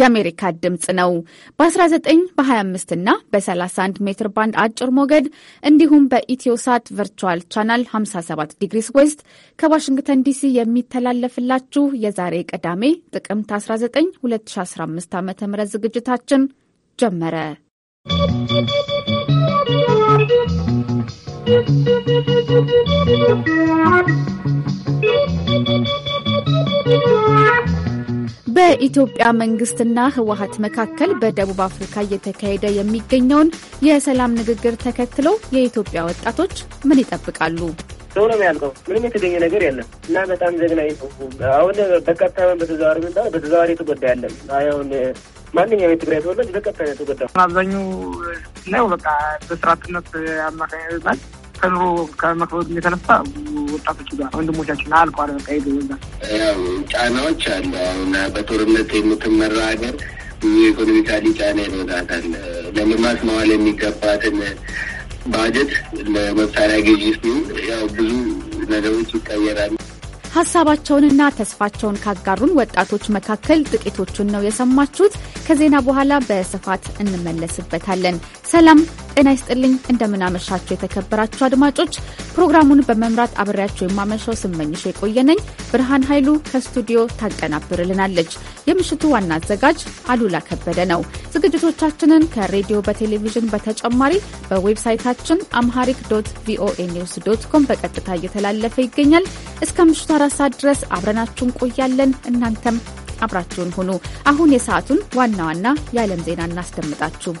የአሜሪካ ድምፅ ነው። በ19 በ25 እና በ31 ሜትር ባንድ አጭር ሞገድ እንዲሁም በኢትዮሳት ቨርቹዋል ቻናል 57 ዲግሪስ ዌስት ከዋሽንግተን ዲሲ የሚተላለፍላችሁ የዛሬ ቅዳሜ ጥቅምት 19 2015 ዓ ም ዝግጅታችን ጀመረ። ¶¶ በኢትዮጵያ መንግስትና ህወሀት መካከል በደቡብ አፍሪካ እየተካሄደ የሚገኘውን የሰላም ንግግር ተከትሎ የኢትዮጵያ ወጣቶች ምን ይጠብቃሉ? ሰው ነው ያልቀው ምንም የተገኘ ነገር የለም እና በጣም ዘግናኝ ነው። አሁን በቀጥታ በተዘዋዋሪ በተዘዋዋሪ የተጎዳ ያለም አሁን ማንኛውም የትግራይ ተወላጅ በቀጥታ የተጎዳ አብዛኛው ነው በቃ በስራትነት አማካኝ ማለት ከኑሮ ከመክበዱ የተነሳ ወጣቶች ጋር ወንድሞቻችን አልቋል። በቃ ሄዱ ጫናዎች አለ። አሁን በጦርነት የምትመራ ሀገር ብዙ ኢኮኖሚካሊ ጫና ይኖራታል። ለልማት መዋል የሚገባትን ባጀት ለመሳሪያ ገዢ ሲሆን ያው ብዙ ነገሮች ይቀየራል። ሀሳባቸውንና ተስፋቸውን ካጋሩን ወጣቶች መካከል ጥቂቶቹን ነው የሰማችሁት። ከዜና በኋላ በስፋት እንመለስበታለን። ሰላም ጤና ይስጥልኝ። እንደምናመሻቸው የተከበራችሁ አድማጮች፣ ፕሮግራሙን በመምራት አብሬያቸው የማመሻው ስመኝሽ የቆየነኝ። ብርሃን ኃይሉ ከስቱዲዮ ታቀናብርልናለች። የምሽቱ ዋና አዘጋጅ አሉላ ከበደ ነው። ዝግጅቶቻችንን ከሬዲዮ በቴሌቪዥን በተጨማሪ በዌብሳይታችን አምሃሪክ ዶት ቪኦኤ ኒውስ ዶት ኮም በቀጥታ እየተላለፈ ይገኛል። እስከ ምሽቱ አራት ሰዓት ድረስ አብረናችሁ እንቆያለን። እናንተም አብራችሁን ሁኑ። አሁን የሰዓቱን ዋና ዋና የዓለም ዜና እናስደምጣችሁ።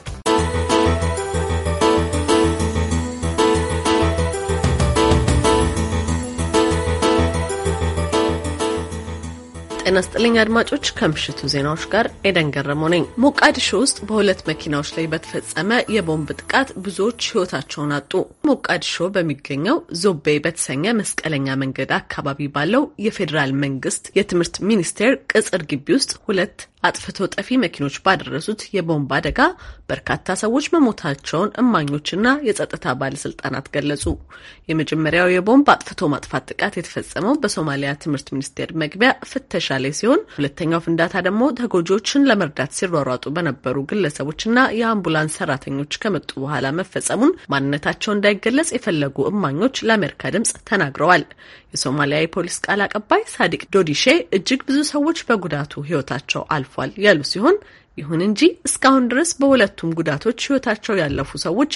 ጤና ስጥልኝ አድማጮች፣ ከምሽቱ ዜናዎች ጋር ኤደን ገረሞ ነኝ። ሞቃዲሾ ውስጥ በሁለት መኪናዎች ላይ በተፈጸመ የቦምብ ጥቃት ብዙዎች ህይወታቸውን አጡ። ሞቃዲሾ በሚገኘው ዞቤ በተሰኘ መስቀለኛ መንገድ አካባቢ ባለው የፌዴራል መንግስት የትምህርት ሚኒስቴር ቅጽር ግቢ ውስጥ ሁለት አጥፍቶ ጠፊ መኪኖች ባደረሱት የቦምብ አደጋ በርካታ ሰዎች መሞታቸውን እማኞችና የጸጥታ ባለስልጣናት ገለጹ። የመጀመሪያው የቦምብ አጥፍቶ ማጥፋት ጥቃት የተፈጸመው በሶማሊያ ትምህርት ሚኒስቴር መግቢያ ፍተሻ ላይ ሲሆን ሁለተኛው ፍንዳታ ደግሞ ተጎጂዎችን ለመርዳት ሲሯሯጡ በነበሩ ግለሰቦችና የአምቡላንስ ሰራተኞች ከመጡ በኋላ መፈጸሙን ማንነታቸው እንዳይገለጽ የፈለጉ እማኞች ለአሜሪካ ድምጽ ተናግረዋል። የሶማሊያ የፖሊስ ቃል አቀባይ ሳዲቅ ዶዲሼ እጅግ ብዙ ሰዎች በጉዳቱ ህይወታቸው አልፏል አልፏል ያሉ ሲሆን ይሁን እንጂ እስካሁን ድረስ በሁለቱም ጉዳቶች ሕይወታቸው ያለፉ ሰዎች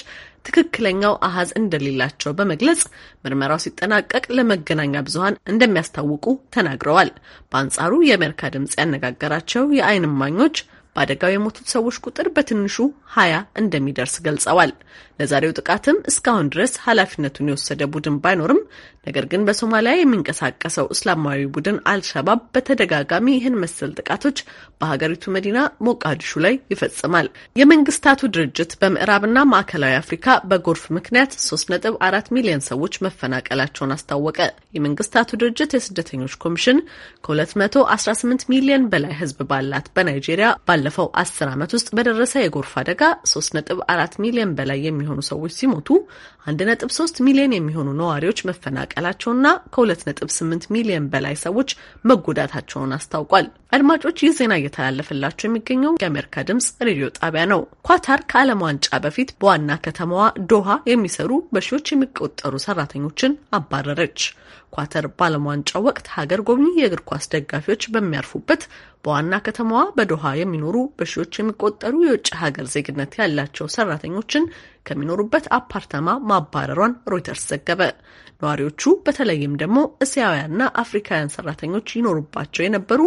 ትክክለኛው አሃዝ እንደሌላቸው በመግለጽ ምርመራው ሲጠናቀቅ ለመገናኛ ብዙኃን እንደሚያስታውቁ ተናግረዋል። በአንጻሩ የአሜሪካ ድምፅ ያነጋገራቸው የዓይን እማኞች በአደጋው የሞቱት ሰዎች ቁጥር በትንሹ ሀያ እንደሚደርስ ገልጸዋል። ለዛሬው ጥቃትም እስካሁን ድረስ ኃላፊነቱን የወሰደ ቡድን ባይኖርም ነገር ግን በሶማሊያ የሚንቀሳቀሰው እስላማዊ ቡድን አልሸባብ በተደጋጋሚ ይህን መሰል ጥቃቶች በሀገሪቱ መዲና ሞቃዲሹ ላይ ይፈጽማል። የመንግስታቱ ድርጅት በምዕራብና ማዕከላዊ አፍሪካ በጎርፍ ምክንያት 3.4 ሚሊዮን ሰዎች መፈናቀላቸውን አስታወቀ። የመንግስታቱ ድርጅት የስደተኞች ኮሚሽን ከ218 ሚሊዮን በላይ ህዝብ ባላት በናይጄሪያ ባለፈው 10 ዓመት ውስጥ በደረሰ የጎርፍ አደጋ 3.4 ሚሊዮን በላይ የሚሆኑ ሰዎች ሲሞቱ 1.3 ሚሊዮን የሚሆኑ ነዋሪዎች መፈናቀል መፈናቀላቸውና ከ2.8 ሚሊዮን በላይ ሰዎች መጎዳታቸውን አስታውቋል። አድማጮች ይህ ዜና እየተላለፈላቸው የሚገኘው የአሜሪካ ድምጽ ሬዲዮ ጣቢያ ነው። ኳታር ከዓለም ዋንጫ በፊት በዋና ከተማዋ ዶሃ የሚሰሩ በሺዎች የሚቆጠሩ ሰራተኞችን አባረረች። ኳተር በዓለም ዋንጫ ወቅት ሀገር ጎብኚ የእግር ኳስ ደጋፊዎች በሚያርፉበት በዋና ከተማዋ በዶሃ የሚኖሩ በሺዎች የሚቆጠሩ የውጭ ሀገር ዜግነት ያላቸው ሰራተኞችን ከሚኖሩበት አፓርታማ ማባረሯን ሮይተርስ ዘገበ። ነዋሪዎቹ በተለይም ደግሞ እስያውያንና አፍሪካውያን ሰራተኞች ይኖሩባቸው የነበሩ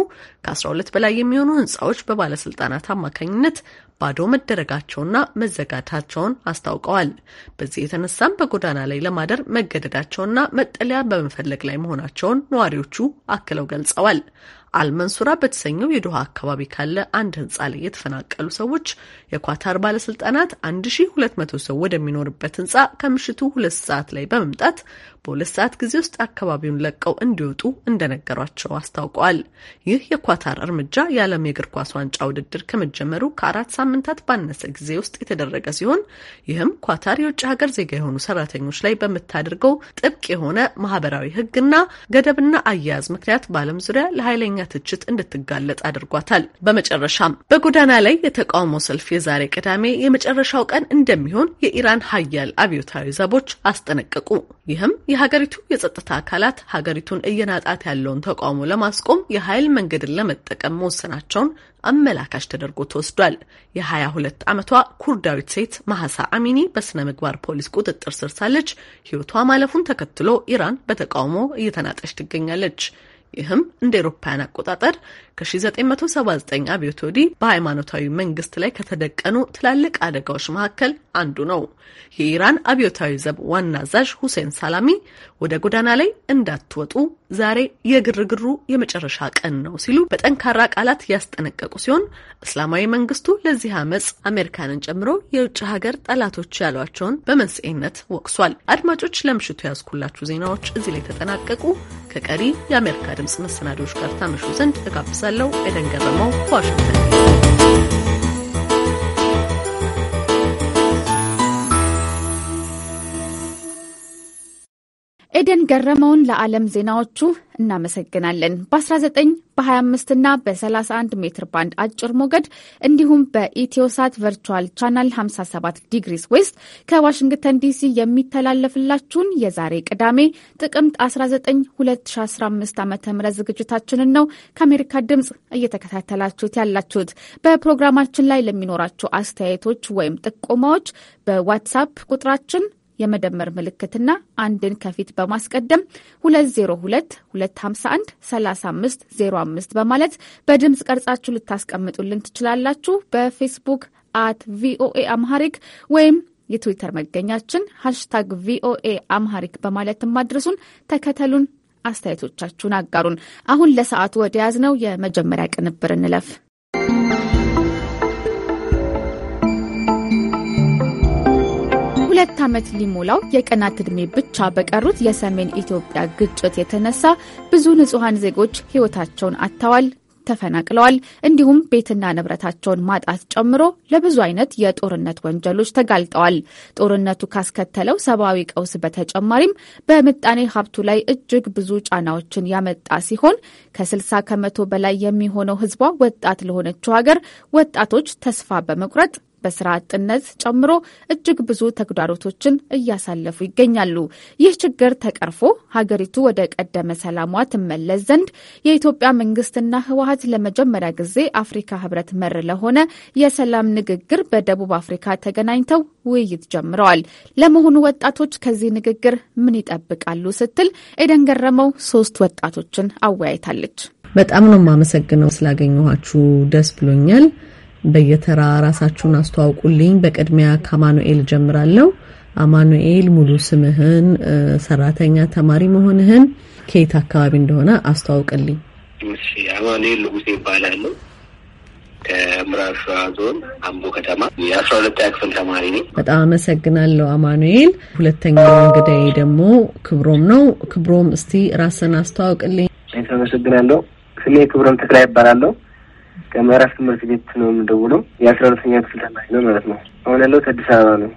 ከ12 በላይ የሚሆኑ ህንፃዎች በባለስልጣናት አማካኝነት ባዶ መደረጋቸውና መዘጋታቸውን አስታውቀዋል። በዚህ የተነሳም በጎዳና ላይ ለማደር መገደዳቸውና መጠለያ በመፈለግ ላይ መሆናቸውን ነዋሪዎቹ አክለው ገልጸዋል። አልመንሱራ በተሰኘው የዶሃ አካባቢ ካለ አንድ ህንፃ ላይ የተፈናቀሉ ሰዎች የኳታር ባለስልጣናት 1200 ሰው ወደሚኖርበት ህንፃ ከምሽቱ ሁለት ሰዓት ላይ በመምጣት በሁለት ሰዓት ጊዜ ውስጥ አካባቢውን ለቀው እንዲወጡ እንደነገሯቸው አስታውቀዋል። ይህ የኳታር እርምጃ የዓለም የእግር ኳስ ዋንጫ ውድድር ከመጀመሩ ከአራት ሳምንታት ባነሰ ጊዜ ውስጥ የተደረገ ሲሆን ይህም ኳታር የውጭ ሀገር ዜጋ የሆኑ ሰራተኞች ላይ በምታደርገው ጥብቅ የሆነ ማህበራዊ ህግና ገደብና አያያዝ ምክንያት በዓለም ዙሪያ ለኃይለኛ ለከፍተኛ ትችት እንድትጋለጥ አድርጓታል። በመጨረሻም በጎዳና ላይ የተቃውሞ ሰልፍ የዛሬ ቅዳሜ የመጨረሻው ቀን እንደሚሆን የኢራን ሀያል አብዮታዊ ዘቦች አስጠነቀቁ። ይህም የሀገሪቱ የጸጥታ አካላት ሀገሪቱን እየናጣት ያለውን ተቃውሞ ለማስቆም የኃይል መንገድን ለመጠቀም መወሰናቸውን አመላካሽ ተደርጎ ተወስዷል። የ22 ዓመቷ ኩርዳዊት ሴት ማሐሳ አሚኒ በሥነ ምግባር ፖሊስ ቁጥጥር ስር ሳለች ሕይወቷ ማለፉን ተከትሎ ኢራን በተቃውሞ እየተናጠች ትገኛለች። ይህም እንደ ኤሮፓያን አቆጣጠር ከ1979 አብዮት ወዲህ በሃይማኖታዊ መንግስት ላይ ከተደቀኑ ትላልቅ አደጋዎች መካከል አንዱ ነው። የኢራን አብዮታዊ ዘብ ዋና አዛዥ ሁሴን ሳላሚ ወደ ጎዳና ላይ እንዳትወጡ፣ ዛሬ የግርግሩ የመጨረሻ ቀን ነው ሲሉ በጠንካራ ቃላት ያስጠነቀቁ ሲሆን እስላማዊ መንግስቱ ለዚህ አመፅ አሜሪካንን ጨምሮ የውጭ ሀገር ጠላቶች ያሏቸውን በመንስኤነት ወቅሷል። አድማጮች ለምሽቱ ያዝኩላችሁ ዜናዎች እዚህ ላይ ተጠናቀቁ። ከቀሪ የአሜሪካ ድምፅ መሰናዶዎች ጋር ታመሹ ዘንድ እጋብዛለሁ። ኤደን ገረመው ዋሽንግተን። ኤደን ገረመውን ለዓለም ዜናዎቹ እናመሰግናለን። በ19 በ25 እና በ31 ሜትር ባንድ አጭር ሞገድ እንዲሁም በኢትዮሳት ቨርቹዋል ቻናል 57 ዲግሪስ ዌስት ከዋሽንግተን ዲሲ የሚተላለፍላችሁን የዛሬ ቅዳሜ ጥቅምት 19 2015 ም ዝግጅታችንን ነው ከአሜሪካ ድምፅ እየተከታተላችሁት ያላችሁት። በፕሮግራማችን ላይ ለሚኖራችሁ አስተያየቶች ወይም ጥቆማዎች በዋትሳፕ ቁጥራችን የመደመር ምልክትና አንድን ከፊት በማስቀደም 2022513505 በማለት በድምፅ ቀርጻችሁ ልታስቀምጡልን ትችላላችሁ። በፌስቡክ አት ቪኦኤ አምሃሪክ ወይም የትዊተር መገኛችን ሃሽታግ ቪኦኤ አምሃሪክ በማለት ማድረሱን ተከተሉን፣ አስተያየቶቻችሁን አጋሩን። አሁን ለሰዓቱ ወደ ያዝነው የመጀመሪያ ቅንብር እንለፍ። ሁለት ዓመት ሊሞላው የቀናት ዕድሜ ብቻ በቀሩት የሰሜን ኢትዮጵያ ግጭት የተነሳ ብዙ ንጹሐን ዜጎች ሕይወታቸውን አጥተዋል፣ ተፈናቅለዋል፣ እንዲሁም ቤትና ንብረታቸውን ማጣት ጨምሮ ለብዙ አይነት የጦርነት ወንጀሎች ተጋልጠዋል። ጦርነቱ ካስከተለው ሰብአዊ ቀውስ በተጨማሪም በምጣኔ ሀብቱ ላይ እጅግ ብዙ ጫናዎችን ያመጣ ሲሆን ከ60 ከመቶ በላይ የሚሆነው ሕዝቧ ወጣት ለሆነችው ሀገር ወጣቶች ተስፋ በመቁረጥ በስራ አጥነት ጨምሮ እጅግ ብዙ ተግዳሮቶችን እያሳለፉ ይገኛሉ። ይህ ችግር ተቀርፎ ሀገሪቱ ወደ ቀደመ ሰላሟ ትመለስ ዘንድ የኢትዮጵያ መንግስትና ህወሀት ለመጀመሪያ ጊዜ አፍሪካ ህብረት መር ለሆነ የሰላም ንግግር በደቡብ አፍሪካ ተገናኝተው ውይይት ጀምረዋል። ለመሆኑ ወጣቶች ከዚህ ንግግር ምን ይጠብቃሉ? ስትል ኤደን ገረመው ሶስት ወጣቶችን አወያይታለች። በጣም ነው የማመሰግነው ስላገኘኋችሁ፣ ደስ ብሎኛል። በየተራ ራሳችሁን አስተዋውቁልኝ። በቅድሚያ ከአማኑኤል ጀምራለሁ። አማኑኤል ሙሉ ስምህን፣ ሰራተኛ፣ ተማሪ መሆንህን፣ ከየት አካባቢ እንደሆነ አስተዋውቅልኝ። አማኑኤል ንጉሴ ይባላለሁ። ከምዕራብ ሸዋ ዞን አምቦ ከተማ የአስራ ሁለተኛ ክፍል ተማሪ ነኝ። በጣም አመሰግናለሁ አማኑኤል። ሁለተኛው እንግዳዬ ደግሞ ክብሮም ነው። ክብሮም፣ እስቲ ራስን አስተዋውቅልኝ። አመሰግናለሁ። ስሜ ክብሮም ተክላይ ይባላለሁ። ከምዕራፍ ትምህርት ቤት ነው የምደውለው። የአስራ ሁለተኛ ክፍል ተማሪ ነው ማለት ነው። አሁን ያለው ከአዲስ አበባ ነው።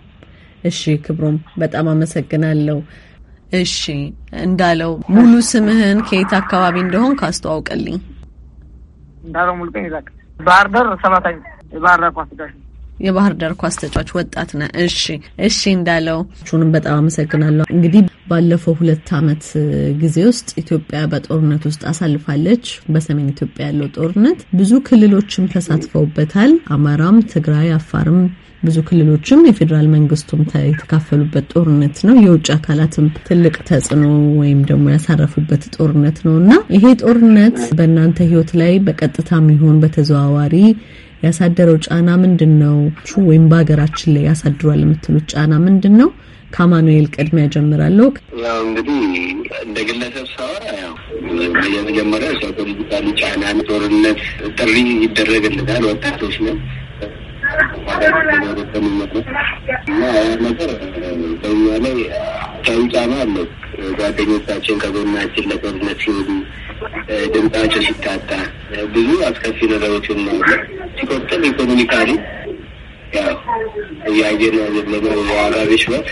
እሺ ክብሮም በጣም አመሰግናለሁ። እሺ እንዳለው ሙሉ ስምህን ከየት አካባቢ እንደሆን ካስተዋውቀልኝ። እንዳለው ሙሉ ቀኝ ይዛቅ ባህር ዳር ሰባታኝ ባህር ዳር ኳስ ጋሽ የባህር ዳር ኳስ ተጫዋች ወጣት ነህ። እሺ እሺ እንዳለው ቹንም በጣም አመሰግናለሁ። እንግዲህ ባለፈው ሁለት ዓመት ጊዜ ውስጥ ኢትዮጵያ በጦርነት ውስጥ አሳልፋለች። በሰሜን ኢትዮጵያ ያለው ጦርነት ብዙ ክልሎችም ተሳትፈውበታል። አማራም፣ ትግራይ፣ አፋርም ብዙ ክልሎችም የፌዴራል መንግስቱም የተካፈሉበት ጦርነት ነው። የውጭ አካላትም ትልቅ ተጽዕኖ ወይም ደግሞ ያሳረፉበት ጦርነት ነው እና ይሄ ጦርነት በእናንተ ህይወት ላይ በቀጥታም ይሁን በተዘዋዋሪ ያሳደረው ጫና ምንድን ነው? ወይም በሀገራችን ላይ ያሳድሯል የምትሉት ጫና ምንድን ነው? ከአማኑኤል ቅድሚያ ጀምራለሁ። ያው እንግዲህ እንደ ግለሰብ ሳወራ ያው የመጀመሪያ ሰው ፖለቲካሊ ጫና ጦርነት ጥሪ ይደረግልናል። ወጣቶች ነው እና ነገር በኛ ላይ ታዊ ጫና አለው። ጓደኞቻችን ከጎናችን ለጦርነት ሲሄዱ ድምጣቸው ሲታጣ ብዙ አስከፊ ነገሮችን ነው ሲቀጥል ኢኮኖሚካሊ ያው እያየን ያለነው የዋጋ ግሽበት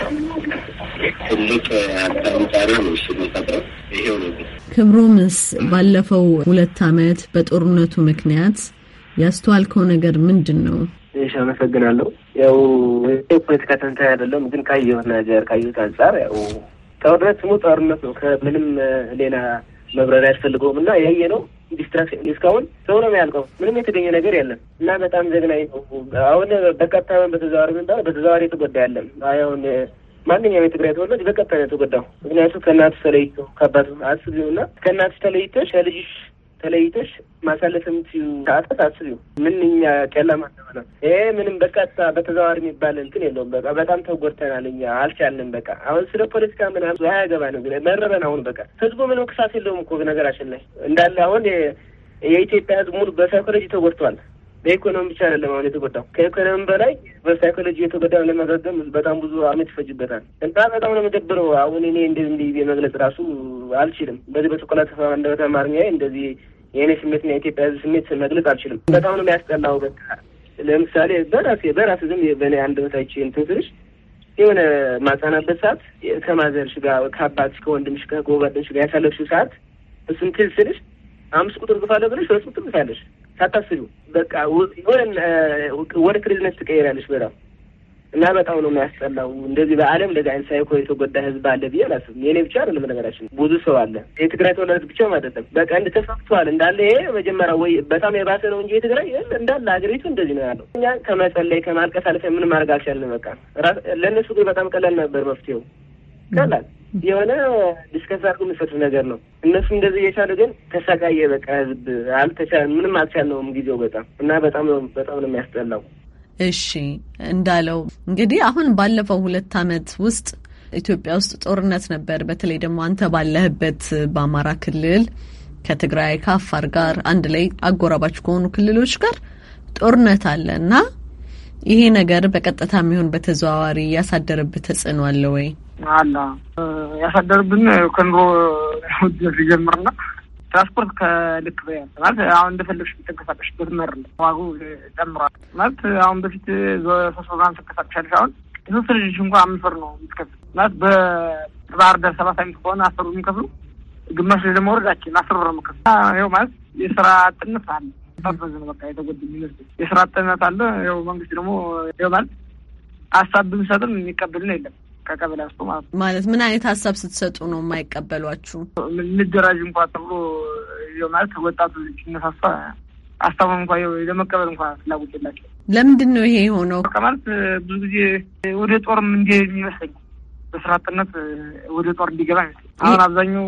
ትልቅ አጣሚጣሪ ነው። እሱ የሚፈጥረው ይሄው ነው። ክብሮምስ ባለፈው ሁለት አመት በጦርነቱ ምክንያት ያስተዋልከው ነገር ምንድን ነው? እሺ፣ አመሰግናለሁ። ያው ፖለቲካ ተንታኝ አይደለም፣ ግን ካየሁት ነገር ካየሁት አንጻር ያው ጦርነት ስሙ ጦርነት ነው። ከምንም ሌላ መብረር ያስፈልገውም እና ያየ ነው ዲስትራክሽን እስካሁን ሰው ነው ያልቀው ምንም የተገኘ ነገር የለም እና በጣም ዘግናኝ ነው። አሁን በቀጥታ በተዘዋዋሪ ምንታ በተዘዋዋሪ የተጎዳ ያለም አሁን ማንኛውም የትግራይ ተወላጅ በቀጥታ ነው የተጎዳው። ምክንያቱም ከእናቱ ተለይቶ ከአባቱ አስቢው እና ከእናቱ ተለይተሽ ከልጅሽ ተለይተሽ ማሳለፍ የምትዩ ሰዓታት አስቢው። እኛ ጨለማ ነው። ይሄ ምንም በቃ በተዘዋዋሪ የሚባል እንትን የለውም። በቃ በጣም ተጎድተናል እኛ አልቻልንም። በቃ አሁን ስለ ፖለቲካ ምን ምናምን አያገባንም፣ ግን መረረን። አሁን በቃ ህዝቡ ምንም ክሳት የለውም እኮ ነገራችን ላይ እንዳለ አሁን የኢትዮጵያ ህዝብ ሙሉ በሳይኮሎጂ ተጎድቷል። በኢኮኖሚ ብቻ አይደለም አሁን የተጎዳው፣ ከኢኮኖሚ በላይ በሳይኮሎጂ የተጎዳው ለመገገም በጣም ብዙ አመት ይፈጅበታል እና በጣም ነው የምደብረው። አሁን እኔ እንደዚህ መግለጽ ራሱ አልችልም። በዚህ በተኮላ ተማርኛ እንደዚህ የእኔ ስሜትና የኢትዮጵያ ሕዝብ ስሜት መግለጽ አልችልም። በጣም ነው የሚያስጠላው። በቃ ለምሳሌ በራሴ በራሴ ዝም በእኔ አንድ በታች እንትን ስልሽ የሆነ ማጻናበት ሰዓት ከማዘርሽ ጋር ከአባትሽ ከወንድምሽ ከጎበጥንሽ ጋር ያሳለፍሽው ሰዓት እሱን ትል ስልሽ አምስት ቁጥር ግፋለ ብለሽ ሁለት ቁጥር ግፋለሽ ሳታስቢው በቃ ወደ ክሪዝነት ትቀይራለሽ በራ እና በጣም ነው የሚያስጠላው። እንደዚህ በዓለም እንደዚህ አይነት ሳይኮ የተጎዳ ህዝብ አለ ብዬ አላስብም። የኔ ብቻ አይደለም፣ በነገራችን ብዙ ሰው አለ። የትግራይ ተወላጅ ብቻም አይደለም። በቀንድ ተሰብቷል እንዳለ። ይሄ መጀመሪያ ወይ በጣም የባሰ ነው እንጂ የትግራይ እንዳለ ሀገሪቱ እንደዚህ ነው ያለው። እኛ ከመጸለይ ከማልቀስ አልፈን ምን ማድረግ አልቻልንም። በቃ ለእነሱ ግን በጣም ቀላል ነበር መፍትሄው፣ ቀላል የሆነ ዲስከስ አድርጎ የሚፈቱ ነገር ነው። እነሱ እንደዚህ እየቻሉ ግን ተሰቃየ። በቃ ህዝብ አልተቻለ፣ ምንም አልቻልነውም ጊዜው በጣም እና በጣም በጣም ነው የሚያስጠላው። እሺ እንዳለው እንግዲህ አሁን ባለፈው ሁለት ዓመት ውስጥ ኢትዮጵያ ውስጥ ጦርነት ነበር። በተለይ ደግሞ አንተ ባለህበት በአማራ ክልል ከትግራይ ከአፋር ጋር አንድ ላይ አጎራባች ከሆኑ ክልሎች ጋር ጦርነት አለ እና ይሄ ነገር በቀጥታ የሚሆን በተዘዋዋሪ ያሳደረብህ ተጽዕኖ አለ ወይ? አላ ያሳደርብን ከኑሮ ውድነት ትራንስፖርት ከልክ ማለት አሁን እንደፈለግሽ ትንቀሳቀሽ ብትመር ዋጉ ጨምሯል። ማለት አሁን በፊት ሶስት መቶ ሀምሳ ትንቀሳቀሻለሽ አሁን የሶስት ልጆች እንኳ አምስት ብር ነው የምትከፍል ማለት በባህር ዳር ሰባት ሳሚት ከሆነ አስር ብር የሚከፍሉ ግማሽ ልጅ ደግሞ ወረዳችን አስር ብር ነው የምከፍል። ይኸው ማለት የስራ አጥነት አለ ታፈዝነ በቃ የተጎድ የስራ ጥነት አለ። ይኸው መንግስት ደግሞ ይኸው ማለት ሀሳብ ብንሰጥም የሚቀበልን የለም ከቀበሌ አስቶ ማለት ማለት ምን አይነት ሀሳብ ስትሰጡ ነው የማይቀበሏችሁ? እንደራጅ እንኳ ተብሎ ማለት ወጣቱ ሲነሳሳ አስታማም እንኳ ለመቀበል እንኳ ፍላጎት የላቸው። ለምንድን ነው ይሄ የሆነው? ማለት ብዙ ጊዜ ወደ ጦርም እንዲ የሚመስለኝ በስራ ወደ ጦር እንዲገባ ይመስለኝ። አሁን አብዛኛው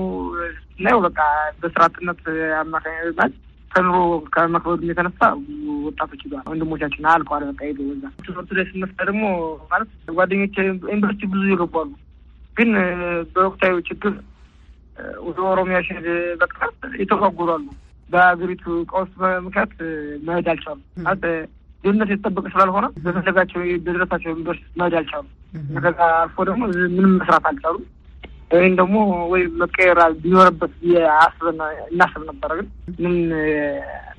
ላይ በቃ በስራ አማካኝ ማለት ከኑሮ ከመክበዱ የተነሳ ብዙ ወጣቶች ይዟል ወንድሞቻችን አልቋል። በቃ ሄዶ በዛ ትምህርት ላይ ስንመጣ ደግሞ ማለት ጓደኞች ዩኒቨርሲቲ ብዙ ይገባሉ፣ ግን በወቅታዊ ችግር ወደ ኦሮሚያ ሸድ በቃ የተጓጉሯሉ። በሀገሪቱ ቀውስ ምክንያት መሄድ አልቻሉ። ድህነት የተጠበቀ ስላልሆነ በፈለጋቸው በደረሳቸው ዩኒቨርሲቲ መሄድ አልቻሉ። ከዛ አልፎ ደግሞ ምንም መስራት አልቻሉ። ወይም ደግሞ ወይ መቀየር ቢኖርበት እናስብ ነበረ፣ ግን ምን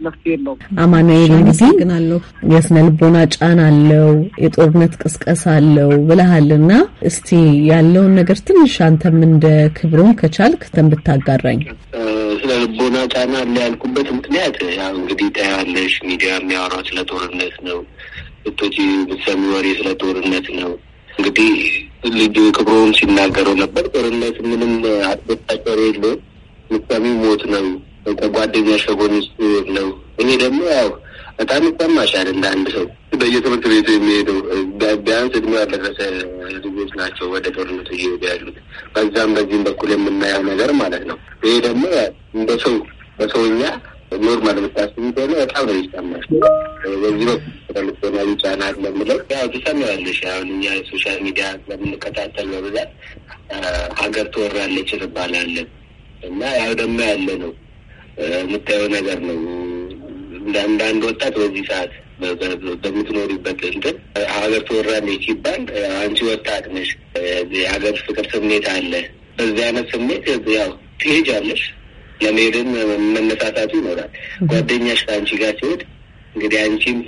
መፍትሄ የለውም። አማኑኤል እንግዲህ ግን የስነ ልቦና ጫና አለው፣ የጦርነት ቅስቀሳ አለው ብለሃል እና እስቲ ያለውን ነገር ትንሽ አንተም እንደ ክብሩም ከቻልክ ተንብታጋራኝ ስለ ልቦና ጫና አለ ያልኩበት ምክንያት ያው እንግዲህ ታያለሽ፣ ሚዲያ የሚያወራው ስለ ጦርነት ነው። እቶች ብትሰሚ ወሬ ስለ ጦርነት ነው እንግዲህ ልጁ ክብሮም ሲናገረው ነበር። ጦርነት ምንም አጥበታቸው የለውም። ምሳሜ ሞት ነው። ከጓደኛ ሸጎን ነው። እኔ ደግሞ ያው በጣም ይሰማሻል እንደ አንድ ሰው በየትምህርት ቤቱ የሚሄደው ቢያንስ እድሜ ያልደረሰ ልጆች ናቸው ወደ ጦርነቱ እየሄዱ ያሉት። በዛም በዚህም በኩል የምናየው ነገር ማለት ነው። ይሄ ደግሞ እንደ ሰው በሰውኛ ኖርማል የምታስቡ ከሆነ በጣም ነው ይሰማል። በዚህ በኩል ስለምትሆናል ጫና አለ ብለው ያው ትሰማያለሽ። አሁን እኛ ሶሻል ሚዲያ ስለምንከታተል በብዛት ሀገር ትወራለች እንባላለን እና ያው ደግሞ ያለ ነው የምታየው ነገር ነው። እንዳንድ ወጣት በዚህ ሰዓት በምትኖሪበት እንትን ሀገር ትወራለች ይባል አንቺ ወጣት ነሽ፣ የሀገር ፍቅር ስሜት አለ። በዚህ አይነት ስሜት ያው ትሄጃለሽ ለመሄድም መነሳሳቱ ይኖራል። ጓደኛሽ ከአንቺ ጋር ሲሄድ እንግዲህ አንቺም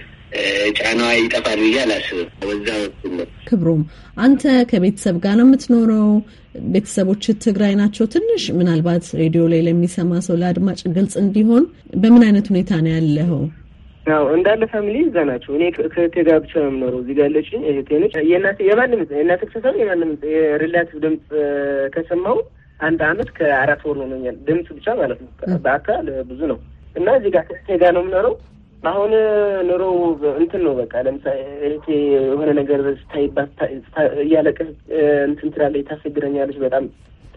ጫናዋ ይጠፋል ብዬ አላስብም። በዛ በኩል ነው። ክብሩም አንተ ከቤተሰብ ጋር ነው የምትኖረው። ቤተሰቦች ትግራይ ናቸው። ትንሽ ምናልባት ሬዲዮ ላይ ለሚሰማ ሰው ለአድማጭ ግልጽ እንዲሆን በምን አይነት ሁኔታ ነው ያለኸው? ያው እንዳለ ፋሚሊ እዛ ናቸው። እኔ ከእህቴ ጋር ብቻ ነው የምኖረው። እዚህ ጋር ያለችኝ እህቴ ነች። የእናቴ የማንም የእናቴ የማንም ሪላቲቭ ድምፅ ከሰማሁ አንድ አመት ከአራት ወር ነው ነኛል ድምፅ ብቻ ማለት ነው። በአካል ብዙ ነው እና እዚህ ጋር ከእህቴ ጋር ነው የምኖረው። አሁን ኑሮ እንትን ነው በቃ ለምሳሌ እህቴ የሆነ ነገር ስታይባት እያለቀስ እንትን ትላለች፣ ታስቸግረኛለች በጣም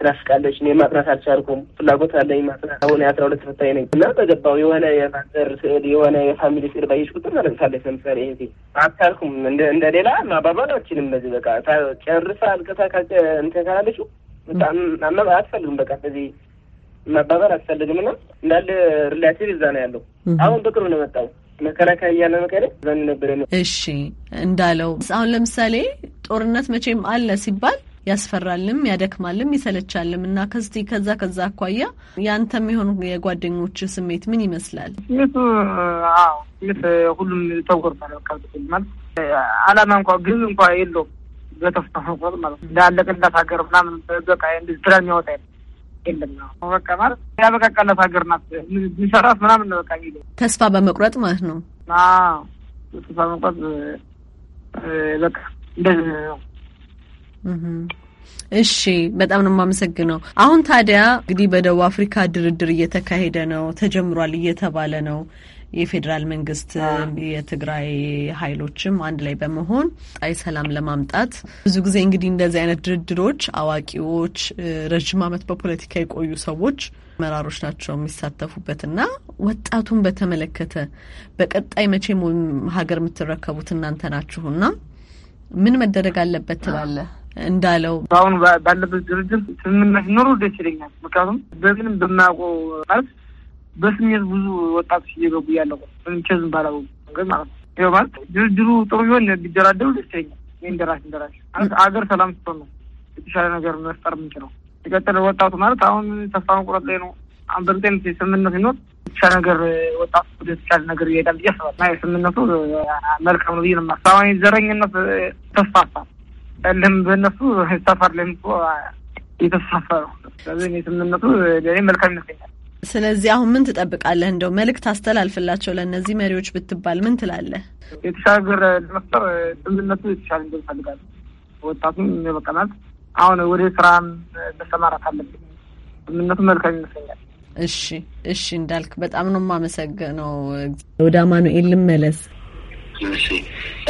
ትናፍቃለች። እኔ ማጥናት አልቻልኩም። ፍላጎት አለኝ ማጥናት። አሁን የአስራ ሁለት ፈታኝ ነኝ እና በገባው የሆነ የፋዘር ስዕል የሆነ የፋሚሊ ስዕል ባየሽ ቁጥር ታለቅሳለች። ለምሳሌ ይሄ አታልኩም እንደ ሌላ ማባባል አችልም። በዚህ በቃ ጨርሳ አልቀሳ እንትን ካላለችው በጣም ማመብ አያስፈልግም። በቃ በዚህ መባበር አትፈልግም። ና እንዳለ ሪላቲቭ እዛ ነው ያለው። አሁን በቅርብ ነው መጣው መከላከያ እያለ መቀሌ ዘን ነበረ ነው። እሺ እንዳለው አሁን ለምሳሌ ጦርነት መቼም አለ ሲባል ያስፈራልም፣ ያደክማልም፣ ይሰለቻልም እና ከስቲ ከዛ ከዛ አኳያ ያንተ የሚሆን የጓደኞች ስሜት ምን ይመስላል? ስሜቱ ስሜት ሁሉም ተጎርቷል። ማለት አላማ እንኳ ግብ እንኳ የለውም በተስፋ መቁረጥ ማለት ነው። እንዳለቀለት ሀገር ምናምን በቃ ስራ የሚያወጣ የለም ነው በቃ ማለት ያበቃቀለት ሀገር ናት ሚሰራት ምናምን በቃ የሚለው ተስፋ በመቁረጥ ማለት ነው። ተስፋ በመቁረጥ በቃ እንደዚህ ነው። እሺ በጣም ነው የማመሰግነው። አሁን ታዲያ እንግዲህ በደቡብ አፍሪካ ድርድር እየተካሄደ ነው ተጀምሯል እየተባለ ነው የፌዴራል መንግስት የትግራይ ኃይሎችም አንድ ላይ በመሆን ጣይ ሰላም ለማምጣት ብዙ ጊዜ እንግዲህ እንደዚህ አይነት ድርድሮች አዋቂዎች፣ ረዥም ዓመት በፖለቲካ የቆዩ ሰዎች መራሮች ናቸው የሚሳተፉበት እና ወጣቱን በተመለከተ በቀጣይ መቼም ሀገር የምትረከቡት እናንተ ናችሁና ምን መደረግ አለበት ትላለህ? እንዳለው አሁን ባለበት ድርድር ስምምነት ኖሮ ደስ ይለኛል። ምክንያቱም በምንም በማያውቁ ማለት በስሜት ብዙ ወጣቶች እየገቡ እያለቁ ምቸዝ ባለው መንገድ ማለት ነው። ይኸው ማለት ድርድሩ ጥሩ ቢሆን ቢደራደሩ ደስ ይለኛል። እንደራሽ እንደራሽ አገር ሰላም ስትሆን ነው የተሻለ ነገር መፍጠር የምንችለው። የቀጠለ ወጣቱ ማለት አሁን ተስፋ መቁረጥ ላይ ነው። በእርግጠኝነት ስምምነት ሲኖር የተሻለ ነገር ወጣቱ ወደ ተሻለ ነገር ይሄዳል ብዬ አስባለሁ እና መልካም ነው ብዬ ነው የማስበው። ዘረኝነት ተስፋፋ ለም በእነሱ ሰፈር ለምቶ የተስፋፋ ነው። ስለዚህ ስምምነቱ ለእኔ መልካም ይመስለኛል። ስለዚህ አሁን ምን ትጠብቃለህ? እንደው መልእክት አስተላልፍላቸው ለእነዚህ መሪዎች ብትባል ምን ትላለህ? የተሻገር ለመፍጠር ጥምዝነቱ የተሻለ እንደ ይፈልጋል ወጣቱም በቀናት አሁን ወደ ስራም መሰማራት አለብን። ጥምዝነቱ መልካም ይመስለኛል። እሺ እሺ፣ እንዳልክ በጣም ነው የማመሰግነው። ወደ አማኑኤል ልመለስ። እሺ፣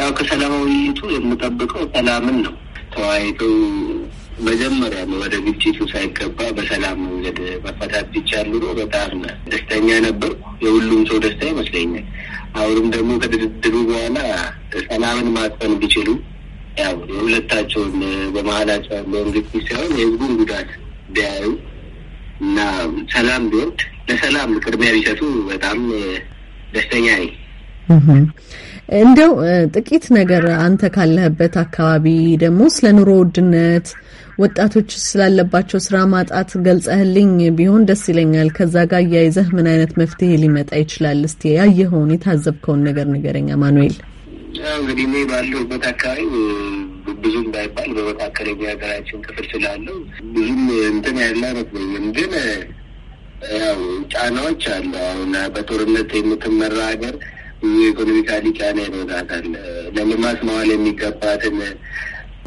ያው ከሰላማዊ ውይይቱ የምጠብቀው ሰላምን ነው ተወያይተው መጀመሪያ ወደ ግጭቱ ሳይገባ በሰላም መንገድ መፈታት ቢቻል ኑሮ በጣም ደስተኛ ነበር። የሁሉም ሰው ደስታ ይመስለኛል። አሁንም ደግሞ ከድርድሩ በኋላ ሰላምን ማጥፈን ቢችሉ ያው የሁለታቸውን በመሀላቸው ያለውን ግጭት ሳይሆን የህዝቡን ጉዳት ቢያዩ እና ሰላም ቢወርድ ለሰላም ቅድሚያ ቢሰጡ በጣም ደስተኛ ነኝ። እንደው ጥቂት ነገር አንተ ካለህበት አካባቢ ደግሞ ስለ ኑሮ ውድነት ወጣቶች ስላለባቸው ስራ ማጣት ገልጸህልኝ ቢሆን ደስ ይለኛል። ከዛ ጋር እያይዘህ ምን አይነት መፍትሄ ሊመጣ ይችላል? እስቲ ያየኸውን የታዘብከውን ነገር ንገረኝ አማኑኤል። እንግዲህ እኔ ባለሁበት አካባቢ ብዙም ባይባል በመካከለኛ ሀገራችን ክፍል ስላለው ብዙም እንትን ያለ አይመስለኝም። ግን ያው ጫናዎች አሉ። አሁን በጦርነት የምትመራ ሀገር ብዙ ኢኮኖሚካሊ ጫና ይኖራታል። ለልማት መዋል የሚገባትን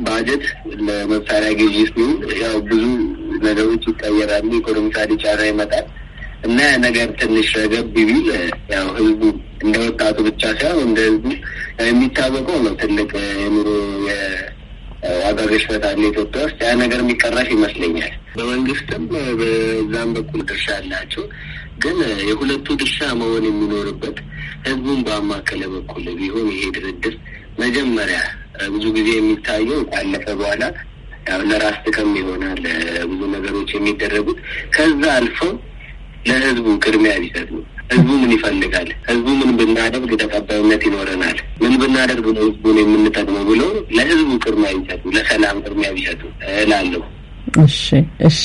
ባጀት ለመሳሪያ ገዢ ሲሆን ያው ብዙ ነገሮች ይቀየራሉ። ኢኮኖሚካሊ ጫና ይመጣል እና ያ ነገር ትንሽ ረገብ ቢል ያው ህዝቡ እንደ ወጣቱ ብቻ ሳይሆን እንደ ህዝቡ የሚታወቀው ነው ትልቅ የኑሮ የዋጋ ግሽበት አለ ኢትዮጵያ ውስጥ። ያ ነገር የሚቀረፍ ይመስለኛል። በመንግስትም በዛም በኩል ድርሻ አላቸው። ግን የሁለቱ ድርሻ መሆን የሚኖርበት ህዝቡን በአማከለ በኩል ቢሆን ይሄ ድርድር መጀመሪያ ብዙ ጊዜ የሚታየው ካለፈ በኋላ ለራስ ጥቅም ይሆናል ብዙ ነገሮች የሚደረጉት። ከዛ አልፈው ለህዝቡ ቅድሚያ ቢሰጥ ህዝቡ ምን ይፈልጋል? ህዝቡ ምን ብናደርግ ተቀባይነት ይኖረናል? ምን ብናደርግ ነው ህዝቡን የምንጠቅመው ብለው ለህዝቡ ቅድሚያ ቢሰጡ፣ ለሰላም ቅድሚያ ቢሰጡ እላለሁ። እሺ እሺ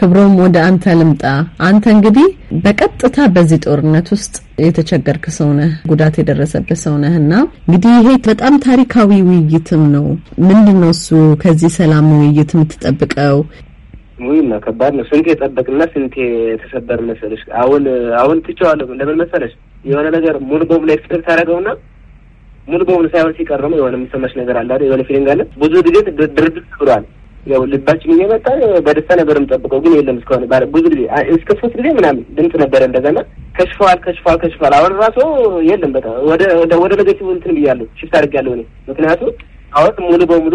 ክብሮም ወደ አንተ ልምጣ። አንተ እንግዲህ በቀጥታ በዚህ ጦርነት ውስጥ የተቸገርክ ሰው ነህ፣ ጉዳት የደረሰብህ ሰው ነህ እና እንግዲህ ይሄ በጣም ታሪካዊ ውይይትም ነው። ምንድን ነው እሱ ከዚህ ሰላም ውይይት የምትጠብቀው? ውይ ከባድ ነው። ስንቴ የጠበቅና ስንቴ የተሰበር መሰለሽ። አሁን አሁን ትቼዋለሁ። ለምን መሰለሽ የሆነ ነገር ሙሉ በሙሉ ኤክስፔክት ታደረገውና ሙሉ በሙሉ ሳይሆን ሲቀር የሆነ የሚሰማሽ ነገር አለ፣ የሆነ ፊሊንግ አለ። ብዙ ጊዜ ድርድር ብሏል ያው ልባችን እየመጣ በደስታ ነበር የምጠብቀው፣ ግን የለም እስከሆነ ብዙ ጊዜ እስከ ሶስት ጊዜ ምናምን ድምፅ ነበረ። እንደገና ከሽፈዋል ከሽፈዋል ከሽፈዋል። አሁን ራሱ የለም በቃ ወደ ወደ ነገቲቭ እንትን ብያለሁ፣ ሽፍት አድርጌያለሁ እኔ ምክንያቱም አሁን ሙሉ በሙሉ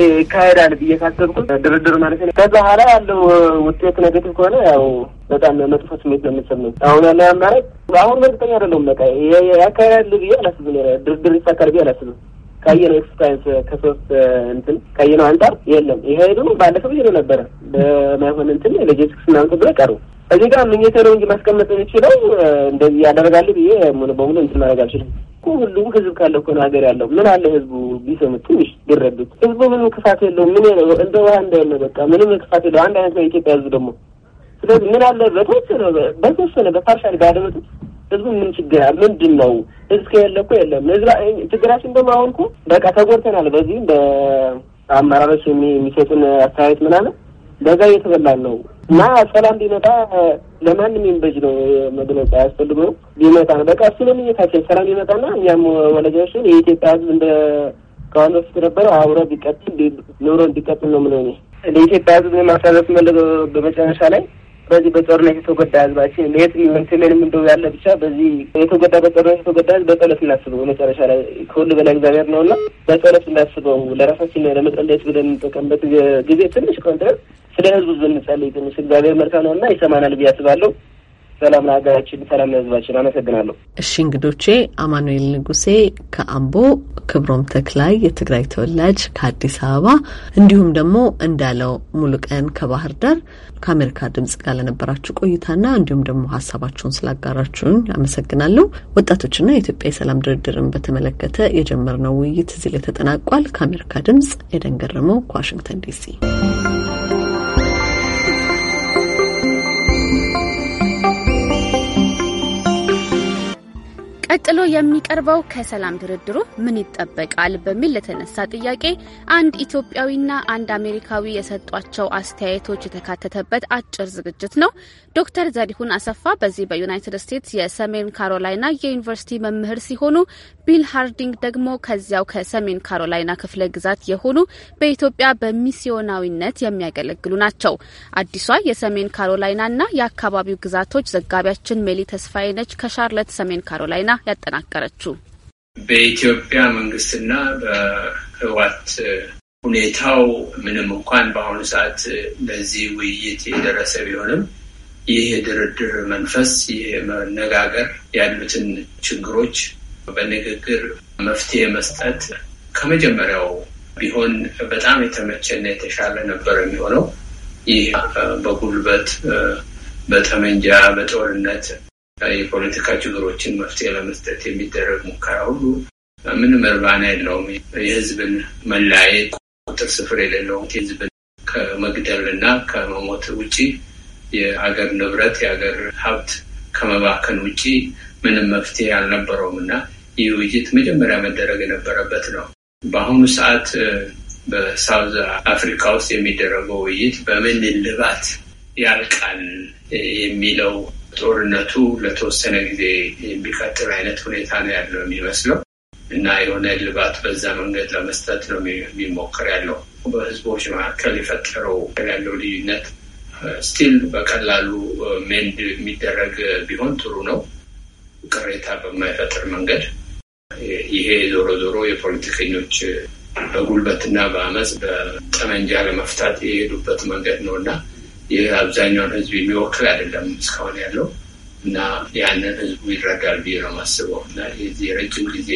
ይካሄዳል ብዬ ካሰብኩት ድርድር ማለት ነው። ከዛ ኋላ ያለው ውጤት ነገቲቭ ከሆነ ያው በጣም መጥፎ ስሜት ነው የምትሰማኝ። አሁን ያለ አማራጭ አሁን እርግጠኛ አይደለሁም። በቃ ያካሄዳል ብዬ አላስብም። ድርድር ይሳካል ብዬ አላስብም። ካየነው ኤክስፐሪንስ ከሶስት እንትን ካየነው አንጻር የለም። ይሄ ደግሞ ባለፈው ይሄ ነበረ በማይሆን እንትን ሎጂስቲክስ ምናምን ብሎ ቀሩ። እዚህ ጋር ምኘቴ ነው እንጂ ማስቀመጥ የሚችለው እንደዚህ ያደረጋል ብዬ ሙሉ በሙሉ እንትን ማድረግ አልችልም። ሁሉም ህዝብ ካለ እኮ ነው ሀገር ያለው። ምን አለ ህዝቡ ቢሰሙ ትንሽ ቢረዱት። ህዝቡ ምንም ክፋት የለው። ምን እንደ ውሃ እንደሆነ በቃ ምንም ክፋት የለው። አንድ አይነት ነው የኢትዮጵያ ህዝብ ደግሞ። ስለዚህ ምን አለ በተወሰነ በተወሰነ በፓርሻል ባያደመጡት ህዝቡ ምን ችግር ምንድን ነው? እስከ ከሌለ እኮ የለም። ችግራችን በማሆን እኮ በቃ ተጎድተናል። በዚህም በአመራሮች የሚሰጡን አስተያየት ምናምን በዛ እየተበላን ነው እና ሰላም ቢመጣ ለማንም የሚበጅ ነው መግለጫ ያስፈልገው ቢመጣ ነው በቃ እሱ ነው ምኞታችን። ሰላም ቢመጣና እኛም ወላጆችን የኢትዮጵያ ህዝብ እንደ ከአሁን በፊት ነበረ አብሮ ቢቀጥል ኑሮ እንዲቀጥል ነው ምንሆኔ ለኢትዮጵያ ህዝብ ማሳለፍ መለገ በመጨረሻ ላይ በዚህ በጦርነት የተጎዳ ህዝባችን ለየት ምንትለንም እንደው ያለ ብቻ በዚህ የተጎዳ በጦርነት የተጎዳ ህዝብ በጸሎት እናስበው። መጨረሻ ላይ ከሁሉ በላይ እግዚአብሔር ነው እና በጸሎት እናስበው። ለራሳችን ለመጸለየት ብለን የምንጠቀምበት ጊዜ ትንሽ ቆንጠር ስለ ህዝቡ ብንጸልይ ትንሽ እግዚአብሔር መልካም ነው እና ይሰማናል ብዬ አስባለሁ። ሰላም ለሀገራችን፣ ሰላም ለህዝባችን። አመሰግናለሁ። እሺ እንግዶቼ አማኑኤል ንጉሴ ከአምቦ፣ ክብሮም ተክላይ የትግራይ ተወላጅ ከአዲስ አበባ እንዲሁም ደግሞ እንዳለው ሙሉቀን ከባህር ዳር ከአሜሪካ ድምጽ ጋር ለነበራችሁ ቆይታና እንዲሁም ደግሞ ሀሳባችሁን ስላጋራችሁን አመሰግናለሁ። ወጣቶችና የኢትዮጵያ የሰላም ድርድርን በተመለከተ የጀመርነው ውይይት እዚህ ላይ ተጠናቋል። ከአሜሪካ ድምጽ ኤደን ገረመው ከዋሽንግተን ዲሲ ቀጥሎ የሚቀርበው ከሰላም ድርድሩ ምን ይጠበቃል በሚል ለተነሳ ጥያቄ አንድ ኢትዮጵያዊና አንድ አሜሪካዊ የሰጧቸው አስተያየቶች የተካተተበት አጭር ዝግጅት ነው። ዶክተር ዘሪሁን አሰፋ በዚህ በዩናይትድ ስቴትስ የሰሜን ካሮላይና የዩኒቨርሲቲ መምህር ሲሆኑ ቢል ሃርዲንግ ደግሞ ከዚያው ከሰሜን ካሮላይና ክፍለ ግዛት የሆኑ በኢትዮጵያ በሚስዮናዊነት የሚያገለግሉ ናቸው። አዲሷ የሰሜን ካሮላይናና የአካባቢው ግዛቶች ዘጋቢያችን ሜሊ ተስፋዬ ነች ከሻርለት ሰሜን ካሮላይና ያጠናቀረችው። በኢትዮጵያ መንግስትና በህዋት ሁኔታው ምንም እንኳን በአሁኑ ሰዓት ለዚህ ውይይት የደረሰ ቢሆንም ይህ የድርድር መንፈስ ይህ መነጋገር ያሉትን ችግሮች በንግግር መፍትሄ መስጠት ከመጀመሪያው ቢሆን በጣም የተመቸና የተሻለ ነበር የሚሆነው። ይህ በጉልበት በጠመንጃ በጦርነት የፖለቲካ ችግሮችን መፍትሄ ለመስጠት የሚደረግ ሙከራ ሁሉ ምንም እርባና የለውም። የህዝብን መለያየት ቁጥር ስፍር የሌለው ህዝብን ከመግደል እና ከመሞት ውጪ የአገር ንብረት የአገር ሀብት ከመባከን ውጪ ምንም መፍትሄ አልነበረውም እና ይህ ውይይት መጀመሪያ መደረግ የነበረበት ነው። በአሁኑ ሰዓት በሳውዝ አፍሪካ ውስጥ የሚደረገው ውይይት በምን ልባት ያልቃል የሚለው ጦርነቱ ለተወሰነ ጊዜ የሚቀጥል አይነት ሁኔታ ነው ያለው የሚመስለው እና የሆነ ልባት በዛ መንገድ ለመስጠት ነው የሚሞክር ያለው። በህዝቦች መካከል የፈጠረው ያለው ልዩነት ስቲል በቀላሉ ሜንድ የሚደረግ ቢሆን ጥሩ ነው፣ ቅሬታ በማይፈጥር መንገድ። ይሄ ዞሮ ዞሮ የፖለቲከኞች በጉልበትና በአመፅ በጠመንጃ ለመፍታት የሄዱበት መንገድ ነው እና ይህ አብዛኛውን ህዝብ የሚወክል አይደለም እስካሁን ያለው እና ያንን ህዝቡ ይረዳል ብዬ ነው የማስበው እና የዚህ የረጅም ጊዜ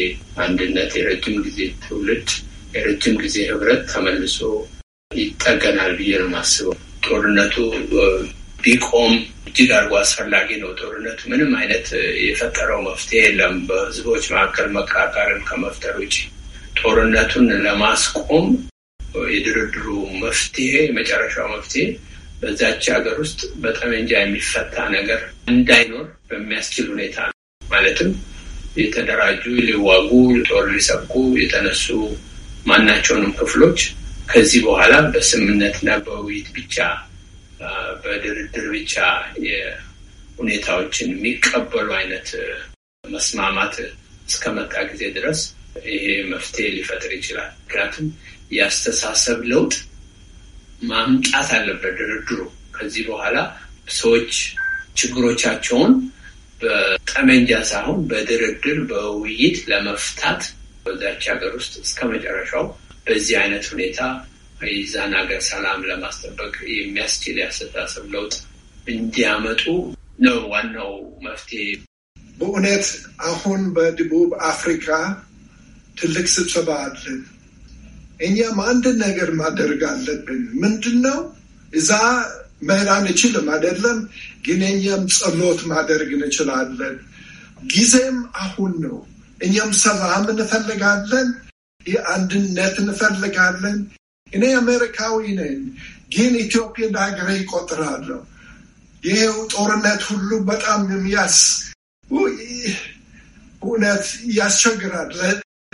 አንድነት፣ የረጅም ጊዜ ትውልድ፣ የረጅም ጊዜ ህብረት ተመልሶ ይጠገናል ብዬ ነው የማስበው። ጦርነቱ ቢቆም እጅግ አድርጎ አስፈላጊ ነው። ጦርነቱ ምንም አይነት የፈጠረው መፍትሄ የለም በህዝቦች መካከል መቃቃርን ከመፍጠር ውጭ ጦርነቱን ለማስቆም የድርድሩ መፍትሄ የመጨረሻው መፍትሄ በዛች ሀገር ውስጥ በጠመንጃ የሚፈታ ነገር እንዳይኖር በሚያስችል ሁኔታ ማለትም የተደራጁ ሊዋጉ ጦር ሊሰብቁ የተነሱ ማናቸውንም ክፍሎች ከዚህ በኋላ በስምምነትና በውይይት ብቻ በድርድር ብቻ ሁኔታዎችን የሚቀበሉ አይነት መስማማት እስከመጣ ጊዜ ድረስ ይሄ መፍትሄ ሊፈጥር ይችላል። ምክንያቱም የአስተሳሰብ ለውጥ ማምጣት አለበት ድርድሩ። ከዚህ በኋላ ሰዎች ችግሮቻቸውን በጠመንጃ ሳይሆን በድርድር በውይይት ለመፍታት በዛች ሀገር ውስጥ እስከ መጨረሻው በዚህ አይነት ሁኔታ የዛን ሀገር ሰላም ለማስጠበቅ የሚያስችል የአስተሳሰብ ለውጥ እንዲያመጡ ነው ዋናው መፍትሄ። በእውነት አሁን በደቡብ አፍሪካ ትልቅ ስብሰባ አለ። እኛም አንድ ነገር ማድረግ አለብን። ምንድን ነው እዛ መሄድ አንችልም አይደለም፣ ግን እኛም ጸሎት ማድረግ እንችላለን። ጊዜም አሁን ነው። እኛም ሰላም እንፈልጋለን፣ የአንድነት እንፈልጋለን። እኔ አሜሪካዊ ነኝ፣ ግን ኢትዮጵያ ዳገረ ይቆጥራለሁ። ይሄው ጦርነት ሁሉ በጣም የሚያስ እውነት ያስቸግራል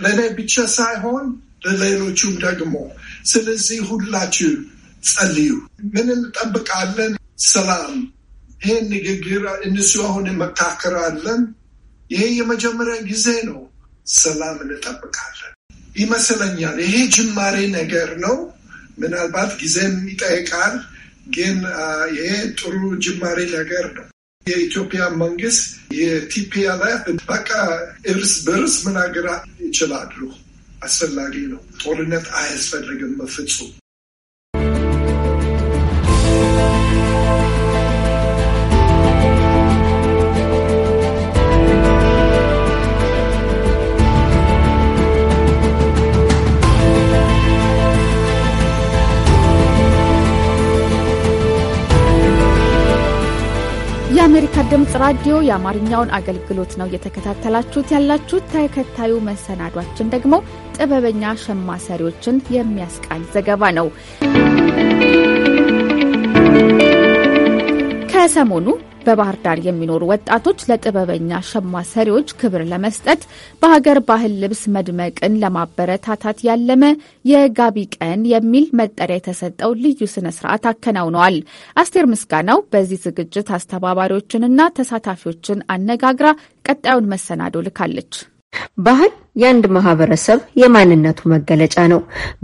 ለእኔ ብቻ ሳይሆን ለሌሎቹም ደግሞ። ስለዚህ ሁላችሁ ጸልዩ። ምን እንጠብቃለን? ሰላም። ይህን ንግግር እነሱ አሁን መካከራለን። ይሄ የመጀመሪያ ጊዜ ነው። ሰላም እንጠብቃለን ይመስለኛል። ይሄ ጅማሬ ነገር ነው። ምናልባት ጊዜም ይጠይቃል፣ ግን ይሄ ጥሩ ጅማሬ ነገር ነው። የኢትዮጵያ መንግስት የቲፒኤልኤፍ በቃ እርስ በርስ መናገር ይችላሉ አስፈላጊ ነው። ጦርነት አያስፈልግም በፍጹም። የአሜሪካ ድምፅ ራዲዮ የአማርኛውን አገልግሎት ነው እየተከታተላችሁት ያላችሁት። ተከታዩ መሰናዷችን ደግሞ ጥበበኛ ሸማ ሰሪዎችን የሚያስቃኝ ዘገባ ነው። ከሰሞኑ በባህር ዳር የሚኖሩ ወጣቶች ለጥበበኛ ሸማ ሰሪዎች ክብር ለመስጠት በሀገር ባህል ልብስ መድመቅን ለማበረታታት ያለመ የጋቢ ቀን የሚል መጠሪያ የተሰጠው ልዩ ስነ ስርዓት አከናውነዋል። አስቴር ምስጋናው በዚህ ዝግጅት አስተባባሪዎችንና ተሳታፊዎችን አነጋግራ ቀጣዩን መሰናዶ ልካለች። ባህል የአንድ ማህበረሰብ የማንነቱ መገለጫ ነው።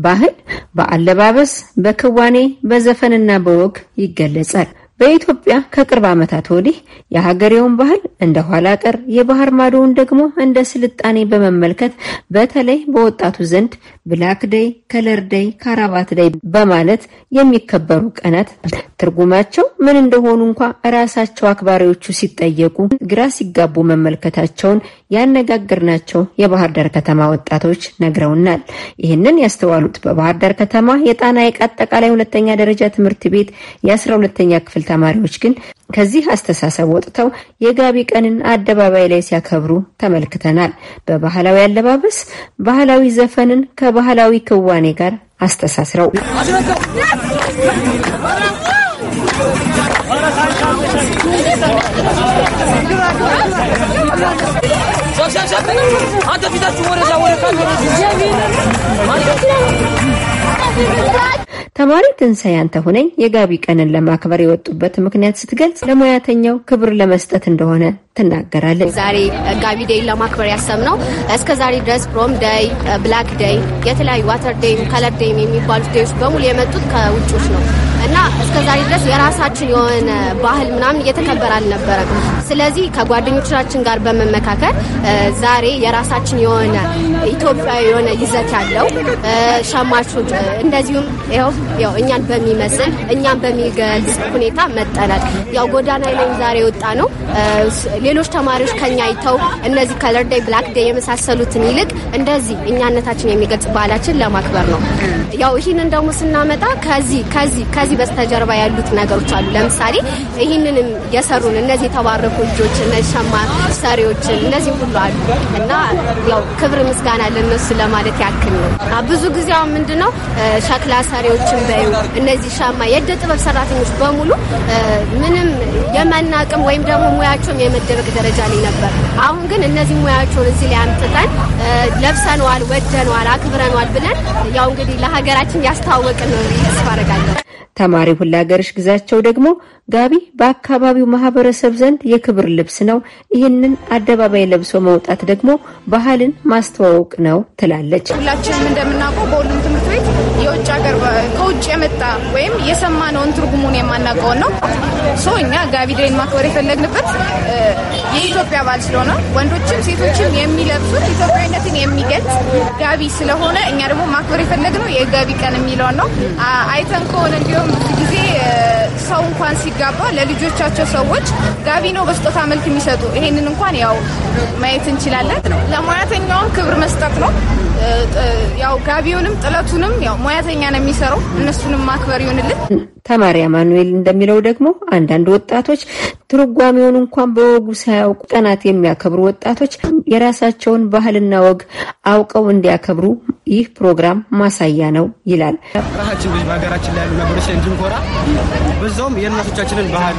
ባህል በአለባበስ፣ በክዋኔ፣ በዘፈንና በወግ ይገለጻል። በኢትዮጵያ ከቅርብ ዓመታት ወዲህ የሀገሬውን ባህል እንደ ኋላ ቀር የባህር ማዶውን ደግሞ እንደ ስልጣኔ በመመልከት በተለይ በወጣቱ ዘንድ ብላክ ደይ፣ ከለር ደይ፣ ካራባት ደይ በማለት የሚከበሩ ቀናት ትርጉማቸው ምን እንደሆኑ እንኳ ራሳቸው አክባሪዎቹ ሲጠየቁ ግራ ሲጋቡ መመልከታቸውን ያነጋገርናቸው የባህር ዳር ከተማ ወጣቶች ነግረውናል። ይህንን ያስተዋሉት በባህር ዳር ከተማ የጣና ሐይቅ አጠቃላይ ሁለተኛ ደረጃ ትምህርት ቤት የአስራ ሁለተኛ ክፍል ተማሪዎች ግን ከዚህ አስተሳሰብ ወጥተው የጋቢ ቀንን አደባባይ ላይ ሲያከብሩ ተመልክተናል። በባህላዊ አለባበስ ባህላዊ ዘፈንን ከባህላዊ ክዋኔ ጋር አስተሳስረው ተማሪ ያንተ ሆነኝ የጋቢ ቀንን ለማክበር የወጡበት ምክንያት ስትገልጽ ለሙያተኛው ክብር ለመስጠት እንደሆነ ትናገራለች። ዛሬ ጋቢ ዴይ ለማክበር ያሰብነው እስከ ዛሬ ድረስ ፕሮም ዴይ፣ ብላክ ዴይ፣ የተለያዩ ዋተር ዴይ፣ ከለር ዴይም የሚባሉት ዴዮች በሙሉ የመጡት ከውጮች ነው። እና እስከዛሬ ድረስ የራሳችን የሆነ ባህል ምናምን እየተከበረ አልነበረም። ስለዚህ ከጓደኞቻችን ጋር በመመካከል ዛሬ የራሳችን የሆነ ኢትዮጵያዊ የሆነ ይዘት ያለው ሸማቾች እንደዚሁም ያው እኛን በሚመስል እኛን በሚገልጽ ሁኔታ መጠናል። ያው ጎዳና ላይ ዛሬ የወጣ ነው። ሌሎች ተማሪዎች ከኛ አይተው እነዚህ ከለር ዴይ፣ ብላክ ዴይ የመሳሰሉትን ይልቅ እንደዚህ እኛነታችን የሚገልጽ ባህላችን ለማክበር ነው። ያው ይህንን ደግሞ ስናመጣ ከዚህ ከዚህ ከዚህ በስተጀርባ ያሉት ነገሮች አሉ። ለምሳሌ ይህንንም የሰሩን እነዚህ የተባረኩ ልጆች፣ እነዚህ ሸማ ሰሪዎችን እነዚህ ሁሉ አሉ እና ያው ክብር ምስጋና ለነሱ ለማለት ያክል ነው። ብዙ ጊዜ አሁን ምንድን ነው ሸክላ ሰሪዎችን በዩ እነዚህ ሸማ የእደ ጥበብ ሰራተኞች በሙሉ ምንም የመናቅም ወይም ደግሞ ሙያቸውም የመደበቅ ደረጃ ላይ ነበር። አሁን ግን እነዚህ ሙያቸውን እዚህ ላይ አምጥተን ለብሰነዋል፣ ወደነዋል፣ አክብረነዋል ብለን ያው እንግዲህ ለሀገራችን ያስተዋወቅን ነው ተስፋ አደርጋለሁ። ተማሪ ሁላገርሽ ግዛቸው ደግሞ ጋቢ በአካባቢው ማህበረሰብ ዘንድ የክብር ልብስ ነው፣ ይህንን አደባባይ ለብሶ መውጣት ደግሞ ባህልን ማስተዋወቅ ነው ትላለች። ሁላችንም እንደምናውቀው በሁሉም ትምህርት ቤት የውጭ ሀገር ከውጭ የመጣ ወይም የሰማነውን ትርጉሙን የማናውቀውን ነው። እኛ ጋቢ ድሬን ማክበር የፈለግንበት የኢትዮጵያ በዓል ስለሆነ ወንዶችም ሴቶችም የሚለብሱት ኢትዮጵያዊነትን የሚገልጽ ጋቢ ስለሆነ እኛ ደግሞ ማክበር የፈለግነው የጋቢ ቀን የሚለውን ነው። አይተን ከሆነ እንዲሁም ብዙ ጊዜ ሰው እንኳን ሲጋባ ለልጆቻቸው ሰዎች ጋቢ ነው በስጦታ መልክ የሚሰጡ ይሄንን እንኳን ያው ማየት እንችላለን። ለሙያተኛውም ክብር መስጠት ነው። ያው ጋቢውንም ጥለቱንም ያው ሙያተኛ ነው የሚሰራው። እነሱንም ማክበር ይሆንልን። ተማሪ አማኑኤል እንደሚለው ደግሞ አንዳንድ ወጣቶች ትርጓሜውን እንኳን በወጉ ሳያውቁ ቀናት የሚያከብሩ ወጣቶች የራሳቸውን ባህልና ወግ አውቀው እንዲያከብሩ ይህ ፕሮግራም ማሳያ ነው ይላል። ራሳችን በሀገራችን ላይ ያሉ ነገሮች ላይ እንድንኮራ በዛውም የእናቶቻችንን ባህል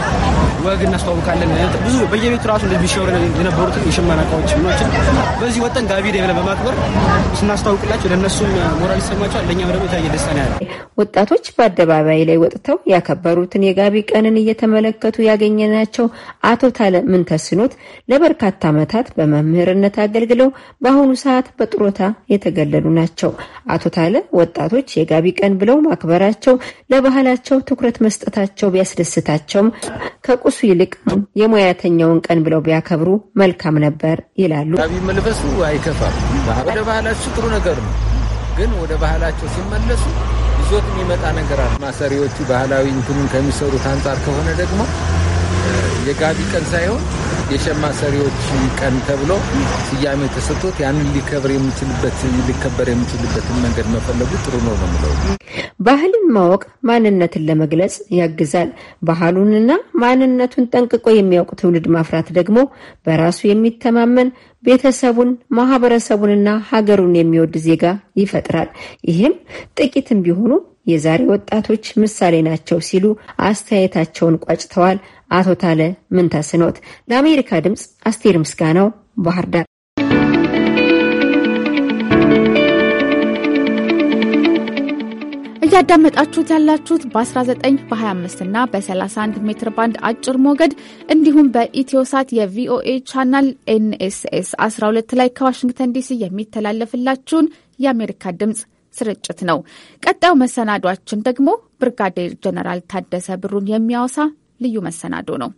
ወግ እናስተዋውቃለን። ብዙ በየቤቱ ራሱ እንደዚህ ቢሸወር የነበሩትን የሽመና እቃዎች ምኖችን በዚህ ወጠን ጋቢ ዴይ ብለን በማክበር ስናስተዋውቅላቸው ለእነሱም ሞራል ይሰማቸዋል፣ ለእኛም ደግሞ የተለየ ደስታ ነው ያለ። ወጣቶች በአደባባይ ላይ ወጥተው ያከበሩትን የጋቢ ቀንን እየተመለከቱ ያገኘናቸው አቶ ታለ ምን ተስኖት ለበርካታ ዓመታት በመምህርነት አገልግለው በአሁኑ ሰዓት በጥሮታ የተገለሉ ናቸው። አቶ ታለ ወጣቶች የጋቢ ቀን ብለው ማክበራቸው ለባህላቸው ትኩረት መስጠታቸው ቢያስደስታቸውም ከቁሱ ይልቅ የሙያተኛውን ቀን ብለው ቢያከብሩ መልካም ነበር ይላሉ። ጋቢ መልበሱ አይከፋም። ወደ ባህላችሁ ጥሩ ነገር ነው። ግን ወደ ባህላቸው ሲመለሱ ይዞት የሚመጣ ነገር አለ። ማሰሪዎቹ ባህላዊ እንትኑን ከሚሰሩት አንጻር ከሆነ ደግሞ የጋቢ ቀን ሳይሆን የሸማ ሰሪዎች ቀን ተብሎ ስያሜ ተሰጥቶት ያንን ሊከበር የምችልበት ሊከበር የምችልበትን መንገድ መፈለጉ ጥሩ ነው ነው ምለው። ባህልን ማወቅ ማንነትን ለመግለጽ ያግዛል። ባህሉንና ማንነቱን ጠንቅቆ የሚያውቅ ትውልድ ማፍራት ደግሞ በራሱ የሚተማመን ቤተሰቡን ማህበረሰቡንና ሀገሩን የሚወድ ዜጋ ይፈጥራል። ይህም ጥቂትም ቢሆኑ የዛሬ ወጣቶች ምሳሌ ናቸው ሲሉ አስተያየታቸውን ቋጭተዋል። አቶ ታለ ምንታስኖት። ለአሜሪካ ድምፅ አስቴር ምስጋናው ባህር ዳር። እያዳመጣችሁት ያላችሁት በ19 በ25 እና በ31 ሜትር ባንድ አጭር ሞገድ እንዲሁም በኢትዮሳት የቪኦኤ ቻናል ኤንኤስኤስ 12 ላይ ከዋሽንግተን ዲሲ የሚተላለፍላችሁን የአሜሪካ ድምፅ ስርጭት ነው። ቀጣዩ መሰናዷችን ደግሞ ብርጋዴር ጀነራል ታደሰ ብሩን የሚያወሳ ልዩ መሰናዶ ነው።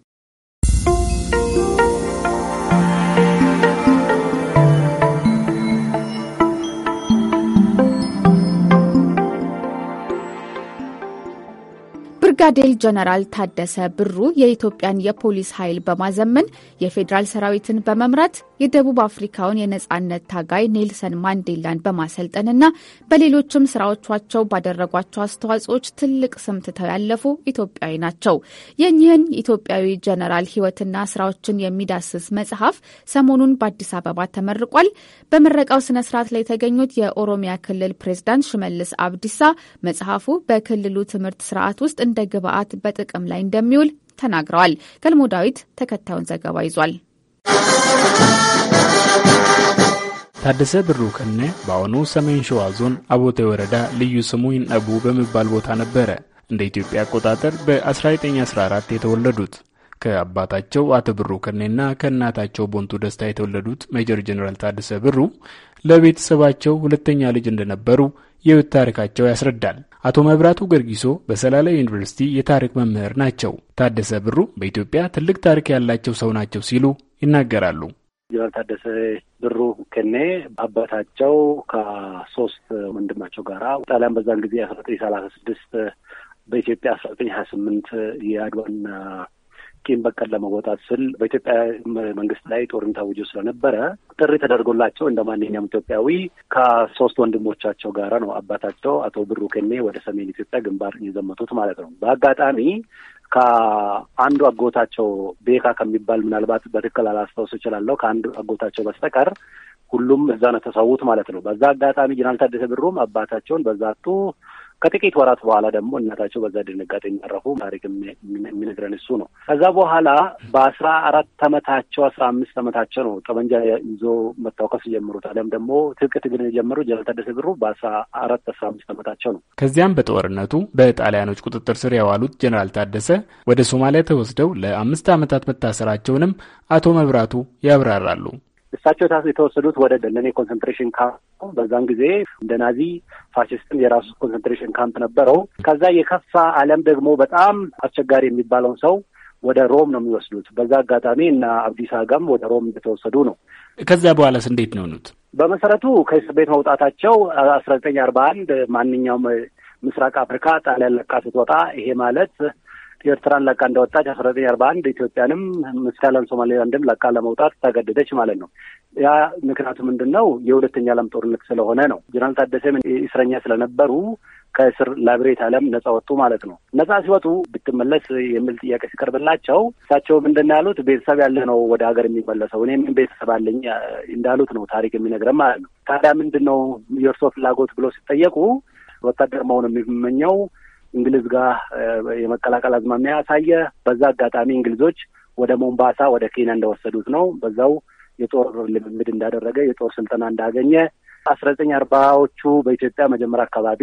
ብርጋዴር ጀነራል ታደሰ ብሩ የኢትዮጵያን የፖሊስ ኃይል በማዘመን የፌዴራል ሰራዊትን በመምራት የደቡብ አፍሪካውን የነጻነት ታጋይ ኔልሰን ማንዴላን በማሰልጠንና በሌሎችም ስራዎቻቸው ባደረጓቸው አስተዋጽኦዎች ትልቅ ስም ትተው ያለፉ ኢትዮጵያዊ ናቸው። የኚህን ኢትዮጵያዊ ጀነራል ሕይወትና ስራዎችን የሚዳስስ መጽሐፍ ሰሞኑን በአዲስ አበባ ተመርቋል። በምረቃው ስነ ስርዓት ላይ የተገኙት የኦሮሚያ ክልል ፕሬዝዳንት ሽመልስ አብዲሳ መጽሐፉ በክልሉ ትምህርት ስርዓት ውስጥ እንደ ግብአት በጥቅም ላይ እንደሚውል ተናግረዋል። ገልሞ ዳዊት ተከታዩን ዘገባ ይዟል። ታደሰ ብሩ ከነ በአሁኑ ሰሜን ሸዋ ዞን አቦቴ ወረዳ ልዩ ስሙ ይንጠቡ በሚባል ቦታ ነበረ እንደ ኢትዮጵያ አቆጣጠር በ1914 የተወለዱት ከአባታቸው አቶ ብሩ ከኔና ከእናታቸው ቦንቱ ደስታ የተወለዱት ሜጀር ጀኔራል ታደሰ ብሩ ለቤተሰባቸው ሁለተኛ ልጅ እንደነበሩ የህይወት ታሪካቸው ያስረዳል። አቶ መብራቱ ገርጊሶ በሰላሌ ዩኒቨርሲቲ የታሪክ መምህር ናቸው። ታደሰ ብሩ በኢትዮጵያ ትልቅ ታሪክ ያላቸው ሰው ናቸው ሲሉ ይናገራሉ። ጀነራል ታደሰ ብሩ ከኔ አባታቸው ከሶስት ወንድማቸው ጋር ጣሊያን በዛን ጊዜ አስራ ዘጠኝ ሰላሳ ስድስት በኢትዮጵያ አስራ ዘጠኝ ሀያ ስምንት የአድዋን ቂም በቀል ለመወጣት ስል በኢትዮጵያ መንግስት ላይ ጦርነት አውጆ ስለነበረ ጥሪ ተደርጎላቸው እንደ ማንኛውም ኢትዮጵያዊ ከሶስት ወንድሞቻቸው ጋራ ነው አባታቸው አቶ ብሩ ከኔ ወደ ሰሜን ኢትዮጵያ ግንባር የዘመቱት ማለት ነው። በአጋጣሚ ከአንዱ አጎታቸው ቤካ ከሚባል ምናልባት በትክክል አላስታውስ እችላለሁ ከአንዱ አጎታቸው በስተቀር ሁሉም እዛ ነው ተሰዉት ማለት ነው። በዛ አጋጣሚ ጀነራል ታደሰ ብሩም አባታቸውን በዛቱ ከጥቂት ወራት በኋላ ደግሞ እናታቸው በዛ ድንጋጤ የሚያረፉ ታሪክ የሚነግረን እሱ ነው። ከዛ በኋላ በአስራ አራት ዓመታቸው አስራ አምስት ዓመታቸው ነው ጠመንጃ ይዞ መታወቀስ ጀምሩት አለም ደግሞ ትጥቅ ትግል የጀመሩ ጀነራል ታደሰ ብሩ በአስራ አራት አስራ አምስት ዓመታቸው ነው። ከዚያም በጦርነቱ በጣሊያኖች ቁጥጥር ስር የዋሉት ጀነራል ታደሰ ወደ ሶማሊያ ተወስደው ለአምስት አመታት መታሰራቸውንም አቶ መብራቱ ያብራራሉ። እሳቸው ታስ የተወሰዱት ወደ ደለኔ ኮንሰንትሬሽን ካምፕ፣ በዛን ጊዜ እንደ ናዚ ፋሽስትም የራሱ ኮንሰንትሬሽን ካምፕ ነበረው። ከዛ የከፋ አለም ደግሞ በጣም አስቸጋሪ የሚባለውን ሰው ወደ ሮም ነው የሚወስዱት። በዛ አጋጣሚ እና አብዲስ አጋም ወደ ሮም እንደተወሰዱ ነው። ከዚያ በኋላስ እንዴት ነው ኑት? በመሰረቱ ከእስር ቤት መውጣታቸው አስራ ዘጠኝ አርባ አንድ ማንኛውም ምስራቅ አፍሪካ ጣሊያን ለቃ ስትወጣ ይሄ ማለት ኤርትራን ለቃ እንደወጣች አስራ ዘጠኝ አርባ አንድ ኢትዮጵያንም ምስካለን ሶማሌላንድም ለቃ ለመውጣት ተገደደች ማለት ነው። ያ ምክንያቱ ምንድን ነው? የሁለተኛ ዓለም ጦርነት ስለሆነ ነው። ጀነራል ታደሰም እስረኛ ስለነበሩ ከእስር ላብሬት አለም ነጻ ወጡ ማለት ነው። ነጻ ሲወጡ ብትመለስ የሚል ጥያቄ ሲቀርብላቸው እሳቸው ምንድን ነው ያሉት ቤተሰብ ያለ ነው ወደ ሀገር የሚመለሰው እኔ ምን ቤተሰብ አለኝ እንዳሉት ነው ታሪክ የሚነግረን ማለት ነው። ታዲያ ምንድን ነው የእርሶ ፍላጎት ብሎ ሲጠየቁ ወታደር መሆን የሚመኘው እንግሊዝ ጋር የመቀላቀል አዝማሚያ ያሳየ። በዛ አጋጣሚ እንግሊዞች ወደ ሞምባሳ ወደ ኬንያ እንደወሰዱት ነው። በዛው የጦር ልምምድ እንዳደረገ የጦር ስልጠና እንዳገኘ አስራ ዘጠኝ አርባዎቹ በኢትዮጵያ መጀመሪያ አካባቢ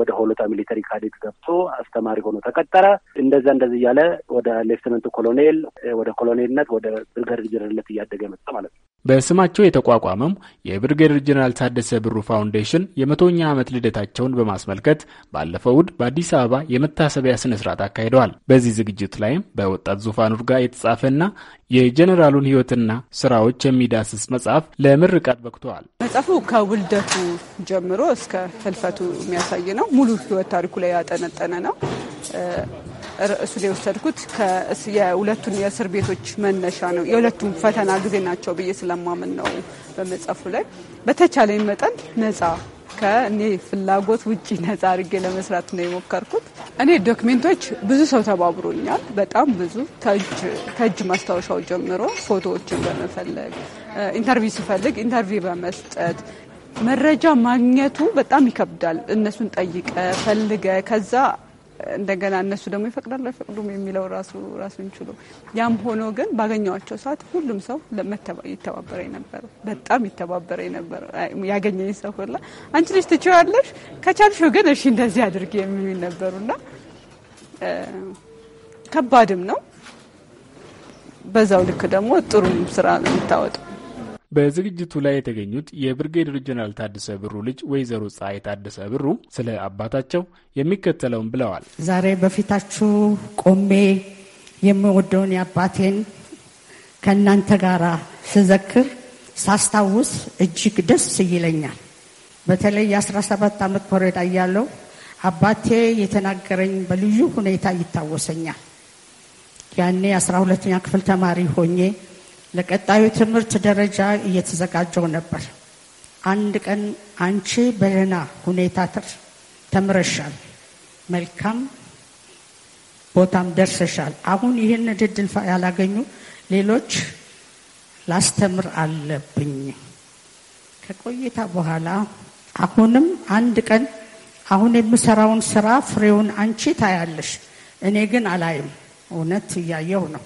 ወደ ሆሎታ ሚሊተሪ ካዴት ገብቶ አስተማሪ ሆኖ ተቀጠረ። እንደዛ እንደዚህ እያለ ወደ ሌፍትናንት ኮሎኔል ወደ ኮሎኔልነት ወደ ብርጋዴር ጀነራልነት እያደገ መጣ ማለት ነው። በስማቸው የተቋቋመም የብርጌድር ጀነራል ታደሰ ብሩ ፋውንዴሽን የመቶኛ ዓመት ልደታቸውን በማስመልከት ባለፈው እሁድ በአዲስ አበባ የመታሰቢያ ስነ ስርዓት አካሂደዋል። በዚህ ዝግጅት ላይም በወጣት ዙፋን ርጋ የተጻፈና የጀነራሉን ህይወትና ስራዎች የሚዳስስ መጽሐፍ ለምርቃት በቅተዋል። መጽሐፉ ከውልደቱ ጀምሮ እስከ ህልፈቱ የሚያሳይ ነው። ሙሉ ህይወት ታሪኩ ላይ ያጠነጠነ ነው። ርዕሱን የወሰድኩት የሁለቱን የእስር ቤቶች መነሻ ነው። የሁለቱም ፈተና ጊዜ ናቸው ብዬ ስለማምን ነው። በመጽፉ ላይ በተቻለ መጠን ነጻ ከእኔ ፍላጎት ውጭ ነጻ አድርጌ ለመስራት ነው የሞከርኩት። እኔ ዶክሜንቶች ብዙ ሰው ተባብሮኛል። በጣም ብዙ ከእጅ ማስታወሻው ጀምሮ ፎቶዎችን በመፈለግ ኢንተርቪው ስፈልግ ኢንተርቪው በመስጠት መረጃ ማግኘቱ በጣም ይከብዳል። እነሱን ጠይቀ ፈልገ ከዛ እንደገና እነሱ ደግሞ ይፈቅዳሉ አይፈቅዱም የሚለው ራሱ ራሱን ችሎ፣ ያም ሆኖ ግን ባገኘዋቸው ሰዓት ሁሉም ሰው ይተባበረ ነበር፣ በጣም ይተባበረ ነበር። ያገኘኝ ሰው ሁላ አንቺ ልጅ ትችዋለሽ፣ ከቻልሽ ግን እሺ እንደዚህ አድርግ የሚሉኝ ነበሩና ከባድም ነው። በዛው ልክ ደግሞ ጥሩም ስራ ነው የምታወጡ በዝግጅቱ ላይ የተገኙት የብርጌድ ሪጅናል ታደሰ ብሩ ልጅ ወይዘሮ ፀሐይ ታደሰ ብሩ ስለ አባታቸው የሚከተለውን ብለዋል። ዛሬ በፊታችሁ ቆሜ የምወደውን የአባቴን ከእናንተ ጋር ስዘክር ሳስታውስ እጅግ ደስ ይለኛል። በተለይ የ17 ዓመት ኮሬዳ እያለው አባቴ የተናገረኝ በልዩ ሁኔታ ይታወሰኛል። ያኔ 12ኛ ክፍል ተማሪ ሆኜ ለቀጣዩ ትምህርት ደረጃ እየተዘጋጀው ነበር። አንድ ቀን አንቺ በደህና ሁኔታ ተምረሻል፣ መልካም ቦታም ደርሰሻል። አሁን ይህን እድል ያላገኙ ሌሎች ላስተምር አለብኝ። ከቆይታ በኋላ አሁንም አንድ ቀን አሁን የምሰራውን ስራ ፍሬውን አንቺ ታያለሽ፣ እኔ ግን አላይም። እውነት እያየው ነው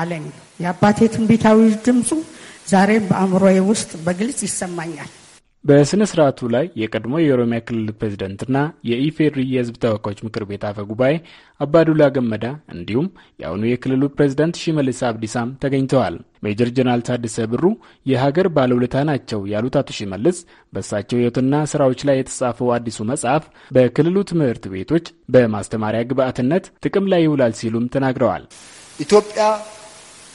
አለኝ። የአባቴ ትንቢታዊ ድምፁ ዛሬም በአእምሮዬ ውስጥ በግልጽ ይሰማኛል። በሥነ ሥርዓቱ ላይ የቀድሞ የኦሮሚያ ክልል ፕሬዝደንትና የኢፌዴሪ የሕዝብ ተወካዮች ምክር ቤት አፈ ጉባኤ አባዱላ ገመዳ እንዲሁም የአሁኑ የክልሉ ፕሬዝዳንት ሺመልስ አብዲሳም ተገኝተዋል። ሜጀር ጀነራል ታደሰ ብሩ የሀገር ባለውለታ ናቸው ያሉት አቶ ሺመልስ በእሳቸው ሕይወትና ስራዎች ላይ የተጻፈው አዲሱ መጽሐፍ በክልሉ ትምህርት ቤቶች በማስተማሪያ ግብዓትነት ጥቅም ላይ ይውላል ሲሉም ተናግረዋል። ኢትዮጵያ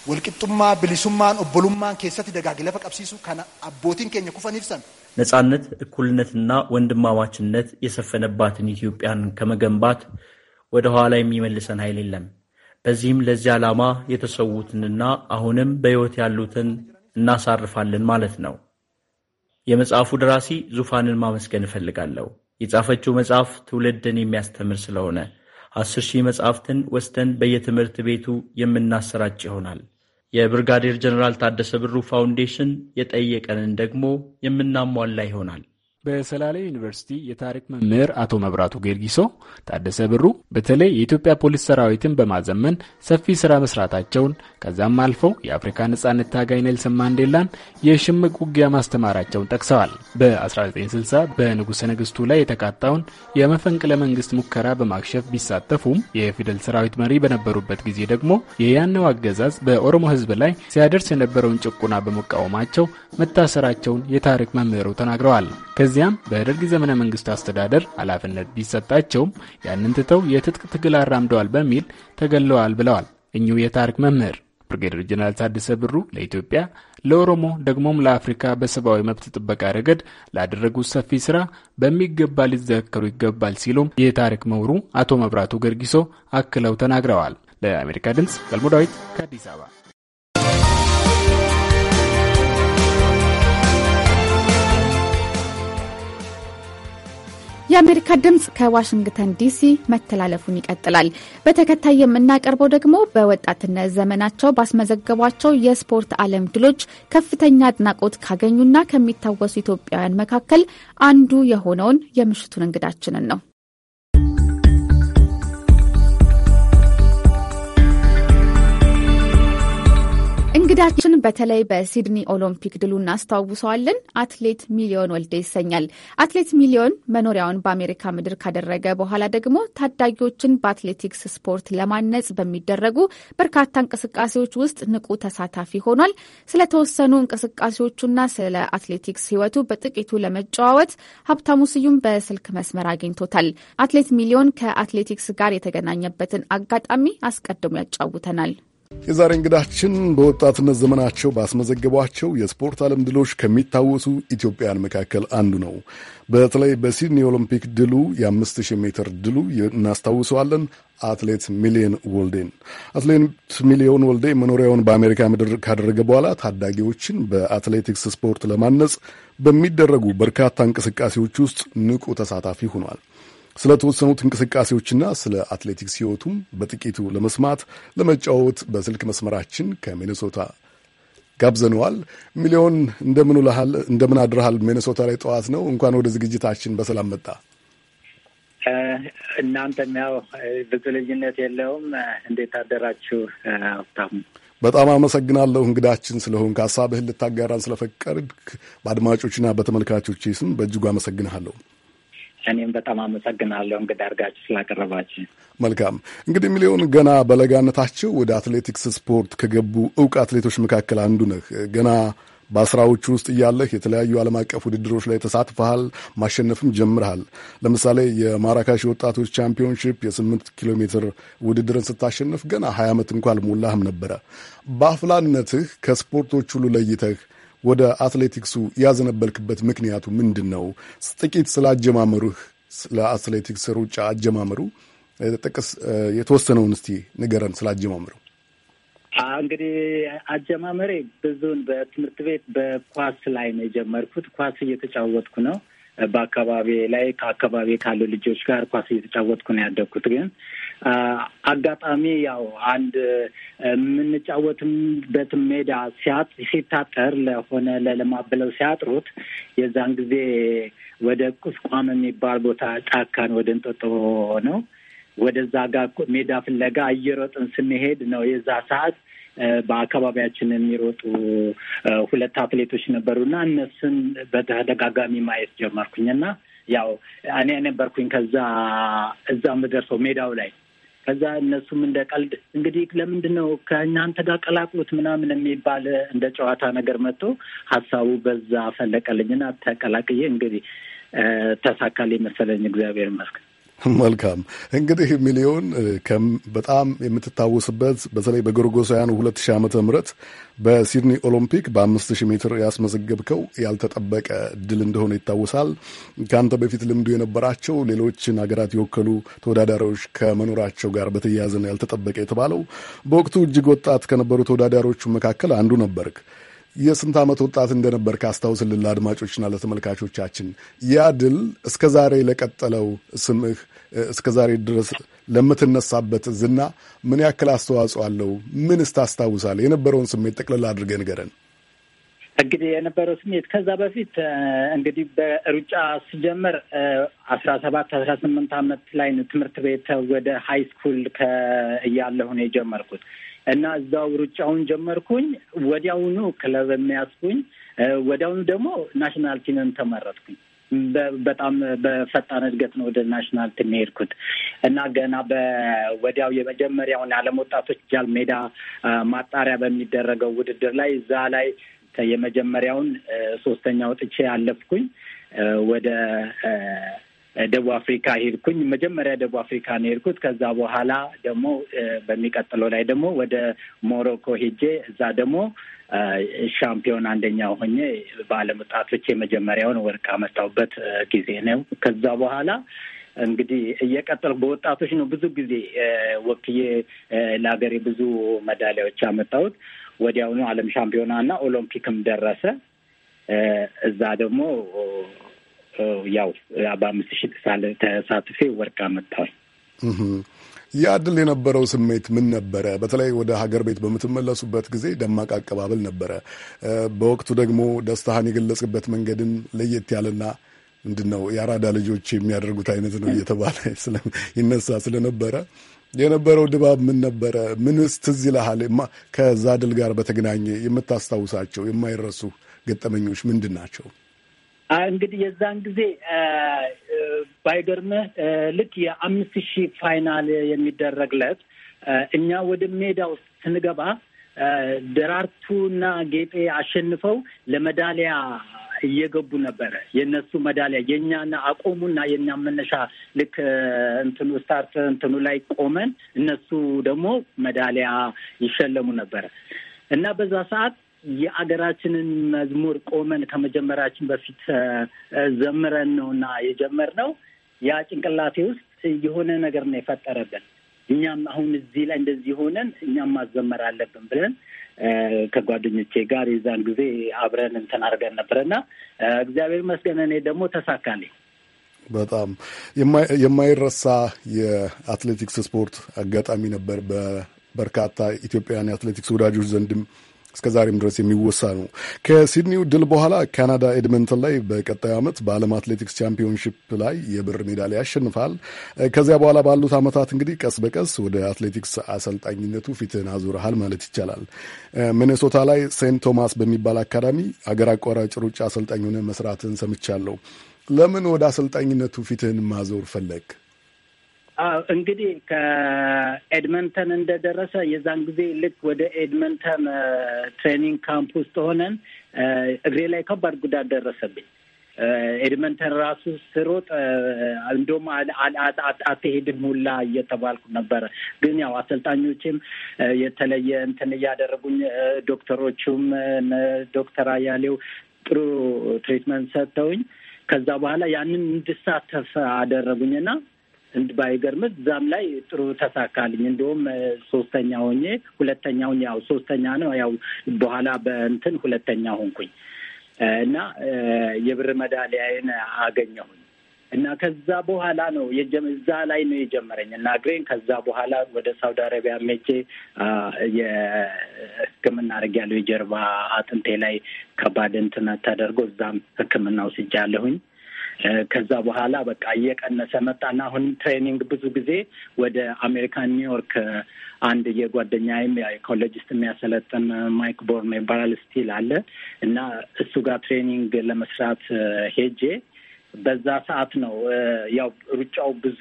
ወልቅጡማ ብሊሱማን ኦቦሉማን ኬሰት ደጋግለፈ ቀብሲሱ ከነ አቦቲን ኬኘ ኩፈኒፍ ሰን ነጻነት እኩልነትና ወንድማማችነት የሰፈነባትን ኢትዮጵያን ከመገንባት ወደ ኋላ የሚመልሰን ኃይል የለም። በዚህም ለዚህ ዓላማ የተሰዉትንና አሁንም በሕይወት ያሉትን እናሳርፋለን ማለት ነው። የመጽሐፉ ደራሲ ዙፋንን ማመስገን እፈልጋለሁ። የጻፈችው መጽሐፍ ትውልድን የሚያስተምር ስለሆነ አስር ሺህ መጽሐፍትን ወስደን በየትምህርት ቤቱ የምናሰራጭ ይሆናል። የብርጋዴር ጀኔራል ታደሰ ብሩ ፋውንዴሽን የጠየቀንን ደግሞ የምናሟላ ይሆናል። በሰላሌ ዩኒቨርሲቲ የታሪክ መምህር አቶ መብራቱ ጌርጊሶ ታደሰ ብሩ በተለይ የኢትዮጵያ ፖሊስ ሰራዊትን በማዘመን ሰፊ ስራ መስራታቸውን ከዛም አልፈው የአፍሪካ ነጻነት ታጋይ ኔልሰን ማንዴላን የሽምቅ ውጊያ ማስተማራቸውን ጠቅሰዋል። በ1960 በንጉሠ ነገሥቱ ላይ የተቃጣውን የመፈንቅለ መንግስት ሙከራ በማክሸፍ ቢሳተፉም የፊደል ሰራዊት መሪ በነበሩበት ጊዜ ደግሞ የያነው አገዛዝ በኦሮሞ ሕዝብ ላይ ሲያደርስ የነበረውን ጭቁና በመቃወማቸው መታሰራቸውን የታሪክ መምህሩ ተናግረዋል። ከዚያም በደርግ ዘመነ መንግስት አስተዳደር ኃላፊነት ቢሰጣቸውም ያንን ትተው የትጥቅ ትግል አራምደዋል በሚል ተገለዋል ብለዋል እኚሁ የታሪክ መምህር። ብርጌደር ጀነራል ታደሰ ብሩ ለኢትዮጵያ ለኦሮሞ ደግሞም ለአፍሪካ በሰብአዊ መብት ጥበቃ ረገድ ላደረጉት ሰፊ ስራ በሚገባ ሊዘከሩ ይገባል ሲሉም የታሪክ መውሩ አቶ መብራቱ ገርጊሶ አክለው ተናግረዋል። ለአሜሪካ ድምፅ ገልሞ ዳዊት ከአዲስ አበባ የአሜሪካ ድምፅ ከዋሽንግተን ዲሲ መተላለፉን ይቀጥላል። በተከታይ የምናቀርበው ደግሞ በወጣትነት ዘመናቸው ባስመዘገቧቸው የስፖርት ዓለም ድሎች ከፍተኛ አድናቆት ካገኙና ከሚታወሱ ኢትዮጵያውያን መካከል አንዱ የሆነውን የምሽቱን እንግዳችንን ነው። እንግዳችን በተለይ በሲድኒ ኦሎምፒክ ድሉ እናስታውሰዋለን። አትሌት ሚሊዮን ወልዴ ይሰኛል። አትሌት ሚሊዮን መኖሪያውን በአሜሪካ ምድር ካደረገ በኋላ ደግሞ ታዳጊዎችን በአትሌቲክስ ስፖርት ለማነጽ በሚደረጉ በርካታ እንቅስቃሴዎች ውስጥ ንቁ ተሳታፊ ሆኗል። ስለተወሰኑ እንቅስቃሴዎቹና ስለ አትሌቲክስ ሕይወቱ በጥቂቱ ለመጨዋወት ሀብታሙ ስዩም በስልክ መስመር አግኝቶታል። አትሌት ሚሊዮን ከአትሌቲክስ ጋር የተገናኘበትን አጋጣሚ አስቀድሞ ያጫውተናል። የዛሬ እንግዳችን በወጣትነት ዘመናቸው ባስመዘገቧቸው የስፖርት ዓለም ድሎች ከሚታወሱ ኢትዮጵያን መካከል አንዱ ነው። በተለይ በሲድኒ ኦሎምፒክ ድሉ የ ሺህ ሜትር ድሉ እናስታውሰዋለን። አትሌት ሚሊዮን ወልዴን አትሌት ሚሊዮን ወልዴ መኖሪያውን በአሜሪካ ምድር ካደረገ በኋላ ታዳጊዎችን በአትሌቲክስ ስፖርት ለማነጽ በሚደረጉ በርካታ እንቅስቃሴዎች ውስጥ ንቁ ተሳታፊ ሆኗል። ስለተወሰኑት እንቅስቃሴዎችና ስለ አትሌቲክስ ህይወቱም በጥቂቱ ለመስማት ለመጫወት በስልክ መስመራችን ከሚኔሶታ ጋብዘነዋል። ሚሊዮን እንደምን አድረሃል? ሚኔሶታ ላይ ጠዋት ነው። እንኳን ወደ ዝግጅታችን በሰላም መጣ። እናንተም ያው ብዙ ልዩነት የለውም። እንዴት አደራችሁ? ሀብታሙ በጣም አመሰግናለሁ እንግዳችን ስለሆንክ፣ ሀሳብህን ልታጋራን ስለፈቀድክ በአድማጮችና በተመልካቾች ስም በእጅጉ አመሰግንሃለሁ። እኔም በጣም አመሰግናለሁ እንግዳ አድርጋችሁ ስላቀረባችሁ። መልካም እንግዲህ ሚሊዮን፣ ገና በለጋነታቸው ወደ አትሌቲክስ ስፖርት ከገቡ እውቅ አትሌቶች መካከል አንዱ ነህ። ገና በአስራዎቹ ውስጥ እያለህ የተለያዩ ዓለም አቀፍ ውድድሮች ላይ ተሳትፈሃል፣ ማሸነፍም ጀምረሃል። ለምሳሌ የማራካሽ ወጣቶች ቻምፒዮንሺፕ የስምንት ኪሎ ሜትር ውድድርን ስታሸንፍ ገና ሀያ ዓመት እንኳ አልሞላህም ነበረ። በአፍላነትህ ከስፖርቶች ሁሉ ለይተህ ወደ አትሌቲክሱ ያዘነበልክበት ምክንያቱ ምንድን ነው? ጥቂት ስላጀማመሩህ ስለ አትሌቲክስ ሩጫ አጀማመሩ ጥቅስ የተወሰነውን እስቲ ንገረን። አጀማመሩ እንግዲህ አጀማመሬ ብዙውን በትምህርት ቤት በኳስ ላይ ነው የጀመርኩት። ኳስ እየተጫወትኩ ነው በአካባቢ ላይ ከአካባቢ ካሉ ልጆች ጋር ኳስ እየተጫወትኩ ነው ያደግኩት ግን አጋጣሚ ያው አንድ የምንጫወትበት ሜዳ ሲታጠር ለሆነ ለልማት ብለው ሲያጥሩት የዛን ጊዜ ወደ ቁስቋም የሚባል ቦታ ጫካን ወደ እንጦጦ ነው። ወደዛ ጋር ሜዳ ፍለጋ እየሮጥን ስንሄድ ነው የዛ ሰዓት በአካባቢያችን የሚሮጡ ሁለት አትሌቶች ነበሩ እና እነሱን በተደጋጋሚ ማየት ጀመርኩኝ እና ያው እኔ ነበርኩኝ ከዛ እዛ የምደርሰው ሜዳው ላይ ከዛ እነሱም እንደ ቀልድ እንግዲህ ለምንድን ነው ከእናንተ ጋር ቀላቅሉት ምናምን የሚባል እንደ ጨዋታ ነገር መጥቶ ሀሳቡ በዛ ፈለቀልኝና ተቀላቅዬ እንግዲህ ተሳካልኝ መሰለኝ። እግዚአብሔር ይመስገን። መልካም እንግዲህ ሚሊዮን በጣም የምትታወስበት በተለይ በጎርጎሳውያኑ 2000 ዓመተ ም በሲድኒ ኦሎምፒክ በ5000 ሜትር ያስመዘገብከው ያልተጠበቀ ድል እንደሆነ ይታወሳል። ከአንተ በፊት ልምዱ የነበራቸው ሌሎችን ሀገራት የወከሉ ተወዳዳሪዎች ከመኖራቸው ጋር በተያያዘ ነው ያልተጠበቀ የተባለው። በወቅቱ እጅግ ወጣት ከነበሩ ተወዳዳሪዎቹ መካከል አንዱ ነበርክ። የስንት ዓመት ወጣት እንደነበር ካስታውስልን ለአድማጮችና ለተመልካቾቻችን። ያ ድል እስከ ዛሬ ለቀጠለው ስምህ እስከ ዛሬ ድረስ ለምትነሳበት ዝና ምን ያክል አስተዋጽኦ አለው? ምንስ ታስታውሳለህ? የነበረውን ስሜት ጠቅልላ አድርገህ ንገረን። እንግዲህ የነበረው ስሜት ከዛ በፊት እንግዲህ በሩጫ ስጀምር አስራ ሰባት አስራ ስምንት ዓመት ላይ ትምህርት ቤት ወደ ሀይ ስኩል እያለሁ ነው የጀመርኩት። እና እዛው ሩጫውን ጀመርኩኝ። ወዲያውኑ ክለብ የሚያስኩኝ፣ ወዲያውኑ ደግሞ ናሽናል ቲምም ተመረጥኩኝ። በጣም በፈጣን እድገት ነው ወደ ናሽናል ቲም የሄድኩት እና ገና በወዲያው የመጀመሪያውን የዓለም ወጣቶች ጃል ሜዳ ማጣሪያ በሚደረገው ውድድር ላይ እዛ ላይ የመጀመሪያውን ሶስተኛ ወጥቼ ያለፍኩኝ ወደ ደቡብ አፍሪካ ሄድኩኝ። መጀመሪያ ደቡብ አፍሪካ ነው ሄድኩት። ከዛ በኋላ ደግሞ በሚቀጥለው ላይ ደግሞ ወደ ሞሮኮ ሄጄ እዛ ደግሞ ሻምፒዮን አንደኛ ሆኜ በዓለም ወጣቶች የመጀመሪያውን ወርቅ አመጣሁበት ጊዜ ነው። ከዛ በኋላ እንግዲህ እየቀጠልኩ በወጣቶች ነው ብዙ ጊዜ ወክዬ ለሀገሬ ብዙ መዳሊያዎች አመጣሁት። ወዲያውኑ ዓለም ሻምፒዮና እና ኦሎምፒክም ደረሰ። እዛ ደግሞ ያው በአምስት ሺህ ተሳትፌ ወርቅ አመጣሁኝ። ያ ድል የነበረው ስሜት ምን ነበረ? በተለይ ወደ ሀገር ቤት በምትመለሱበት ጊዜ ደማቅ አቀባበል ነበረ። በወቅቱ ደግሞ ደስታህን የገለጽበት መንገድም ለየት ያለና ምንድን ነው የአራዳ ልጆች የሚያደርጉት አይነት ነው እየተባለ ይነሳ ስለነበረ የነበረው ድባብ ምን ነበረ? ምንስ ትዝ ይልሃል? ከዛ ድል ጋር በተገናኘ የምታስታውሳቸው የማይረሱ ገጠመኞች ምንድን ናቸው? እንግዲህ የዛን ጊዜ ባይገርምህ ልክ የአምስት ሺህ ፋይናል የሚደረግለት እኛ ወደ ሜዳ ውስጥ ስንገባ ደራርቱ እና ጌጤ አሸንፈው ለመዳሊያ እየገቡ ነበረ። የእነሱ መዳሊያ የእኛና አቆሙና የእኛ መነሻ ልክ እንትኑ ስታርት እንትኑ ላይ ቆመን እነሱ ደግሞ መዳሊያ ይሸለሙ ነበረ እና በዛ ሰዓት የአገራችንን መዝሙር ቆመን ከመጀመራችን በፊት ዘምረን ነው እና የጀመርነው። ያ ጭንቅላቴ ውስጥ የሆነ ነገር ነው የፈጠረብን። እኛም አሁን እዚህ ላይ እንደዚህ ሆነን እኛም ማዘመር አለብን ብለን ከጓደኞቼ ጋር የዛን ጊዜ አብረን እንትን አድርገን ነበር እግዚአብሔር ይመስገን እኔ ደግሞ ተሳካልኝ። በጣም የማይረሳ የአትሌቲክስ ስፖርት አጋጣሚ ነበር። በበርካታ ኢትዮጵያውያን የአትሌቲክስ ወዳጆች ዘንድም እስከ ዛሬም ድረስ የሚወሳ ነው። ከሲድኒው ድል በኋላ ካናዳ ኤድመንተን ላይ በቀጣዩ ዓመት በዓለም አትሌቲክስ ቻምፒዮንሺፕ ላይ የብር ሜዳሊያ ያሸንፋል። ከዚያ በኋላ ባሉት ዓመታት እንግዲህ ቀስ በቀስ ወደ አትሌቲክስ አሰልጣኝነቱ ፊትን አዙረሃል ማለት ይቻላል። ሚኔሶታ ላይ ሴንት ቶማስ በሚባል አካዳሚ አገር አቋራጭ ሩጫ አሰልጣኝ ሆነ መስራትን ሰምቻለሁ። ለምን ወደ አሰልጣኝነቱ ፊትህን ማዞር ፈለግ? እንግዲህ ከኤድመንተን እንደደረሰ የዛን ጊዜ ልክ ወደ ኤድመንተን ትሬኒንግ ካምፕ ውስጥ ሆነን እግሬ ላይ ከባድ ጉዳት ደረሰብኝ። ኤድመንተን ራሱ ስሮጥ እንዲሁም አትሄድም ሁላ እየተባልኩ ነበረ። ግን ያው አሰልጣኞችም የተለየ እንትን እያደረጉኝ፣ ዶክተሮቹም ዶክተር አያሌው ጥሩ ትሪትመንት ሰጥተውኝ ከዛ በኋላ ያንን እንድሳተፍ አደረጉኝና እንድ ባይገርምህ እዛም ላይ ጥሩ ተሳካልኝ። እንዲሁም ሶስተኛ ሆኜ ሁለተኛውን ያው ሶስተኛ ነው ያው በኋላ በእንትን ሁለተኛ ሆንኩኝ እና የብር መዳሊያዬን አገኘሁኝ እና ከዛ በኋላ ነው እዛ ላይ ነው የጀመረኝ እና እግሬን ከዛ በኋላ ወደ ሳውዲ አረቢያ ሜቼ የሕክምና ያለው የጀርባ አጥንቴ ላይ ከባድ እንትን ተደርጎ እዛም ሕክምና ውስጃለሁኝ። ከዛ በኋላ በቃ እየቀነሰ መጣና አሁን ትሬኒንግ ብዙ ጊዜ ወደ አሜሪካን ኒውዮርክ አንድ የጓደኛዬም የኢኮሎጂስት የሚያሰለጥን ማይክ ቦርን ይባላል ስቲል አለ እና እሱ ጋር ትሬኒንግ ለመስራት ሄጄ በዛ ሰዓት ነው ያው ሩጫው ብዙ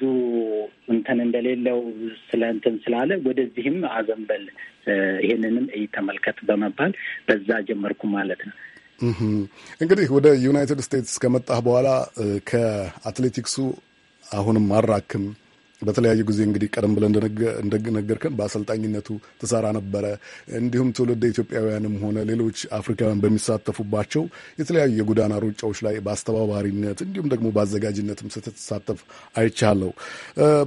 እንትን እንደሌለው ስለ እንትን ስላለ ወደዚህም አዘንበል ይህንንም እይ ተመልከት በመባል በዛ ጀመርኩ ማለት ነው። እንግዲህ ወደ ዩናይትድ ስቴትስ ከመጣህ በኋላ ከአትሌቲክሱ አሁንም አራክም በተለያዩ ጊዜ እንግዲህ ቀደም ብለን እንደነገርከን በአሰልጣኝነቱ ትሰራ ነበረ። እንዲሁም ትውልደ ኢትዮጵያውያንም ሆነ ሌሎች አፍሪካውያን በሚሳተፉባቸው የተለያዩ የጎዳና ሩጫዎች ላይ በአስተባባሪነት እንዲሁም ደግሞ በአዘጋጅነትም ስትሳተፍ አይቻለሁ።